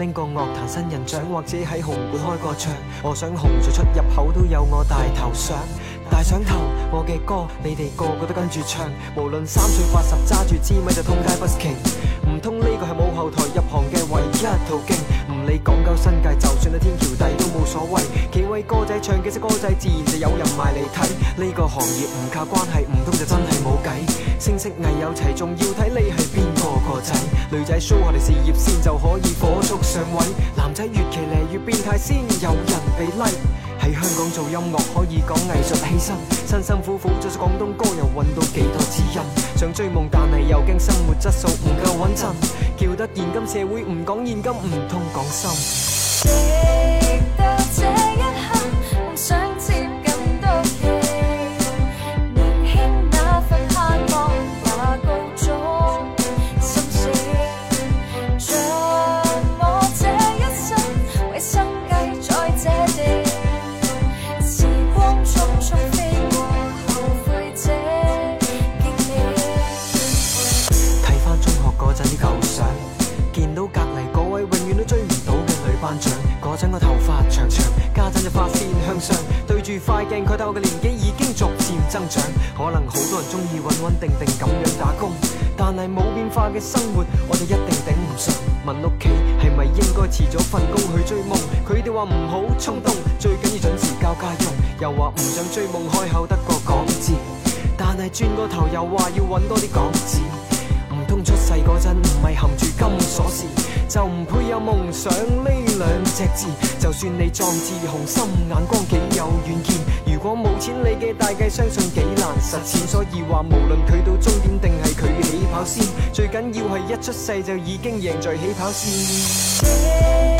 拎個樂壇新人獎，或者喺紅館開個唱，我想紅到出，出入口都有我大頭相、大相頭。我嘅歌，你哋個個都跟住唱，無論三歲八十，揸住支咪就通街不停。唔通呢個係冇後台入行嘅唯一途徑？你講究新界，就算喺天橋底都冇所謂。幾位歌仔唱幾隻歌仔，自然就有人埋嚟睇。呢、這個行業唔靠關係，唔通就真係冇計。聲色藝有齊，仲要睇你係邊個個仔。女仔 show 下啲事業線就可以火速上位，男仔越騎呢越變態先有人被 l、like, 喺香港做音樂可以講藝術犧牲，辛辛苦苦做咗廣東歌又揾到幾多知音？想追夢但係又驚生活質素唔夠穩陣， <music> 叫得現今社會唔講現金唔通講心。 <music> 快鏡佢透嘅年紀已經逐漸增長，可能好多人中意穩穩定定咁樣打工，但係冇變化嘅生活，我哋一定頂唔順。問屋企係咪應該辭咗份工去追夢？佢哋話唔好衝動，最緊要準時交家用。又話唔想追夢，開口得個港字。但係轉個頭又話要揾多啲港紙，唔通出世嗰陣唔係含住金鎖匙？就唔配有夢想呢兩隻字，就算你壯志雄心，眼光幾有遠見。如果冇錢，你嘅大計相信幾難實踐。所以話，無論佢到終點定係佢起跑線，最緊要係一出世就已經贏在起跑線。 <music>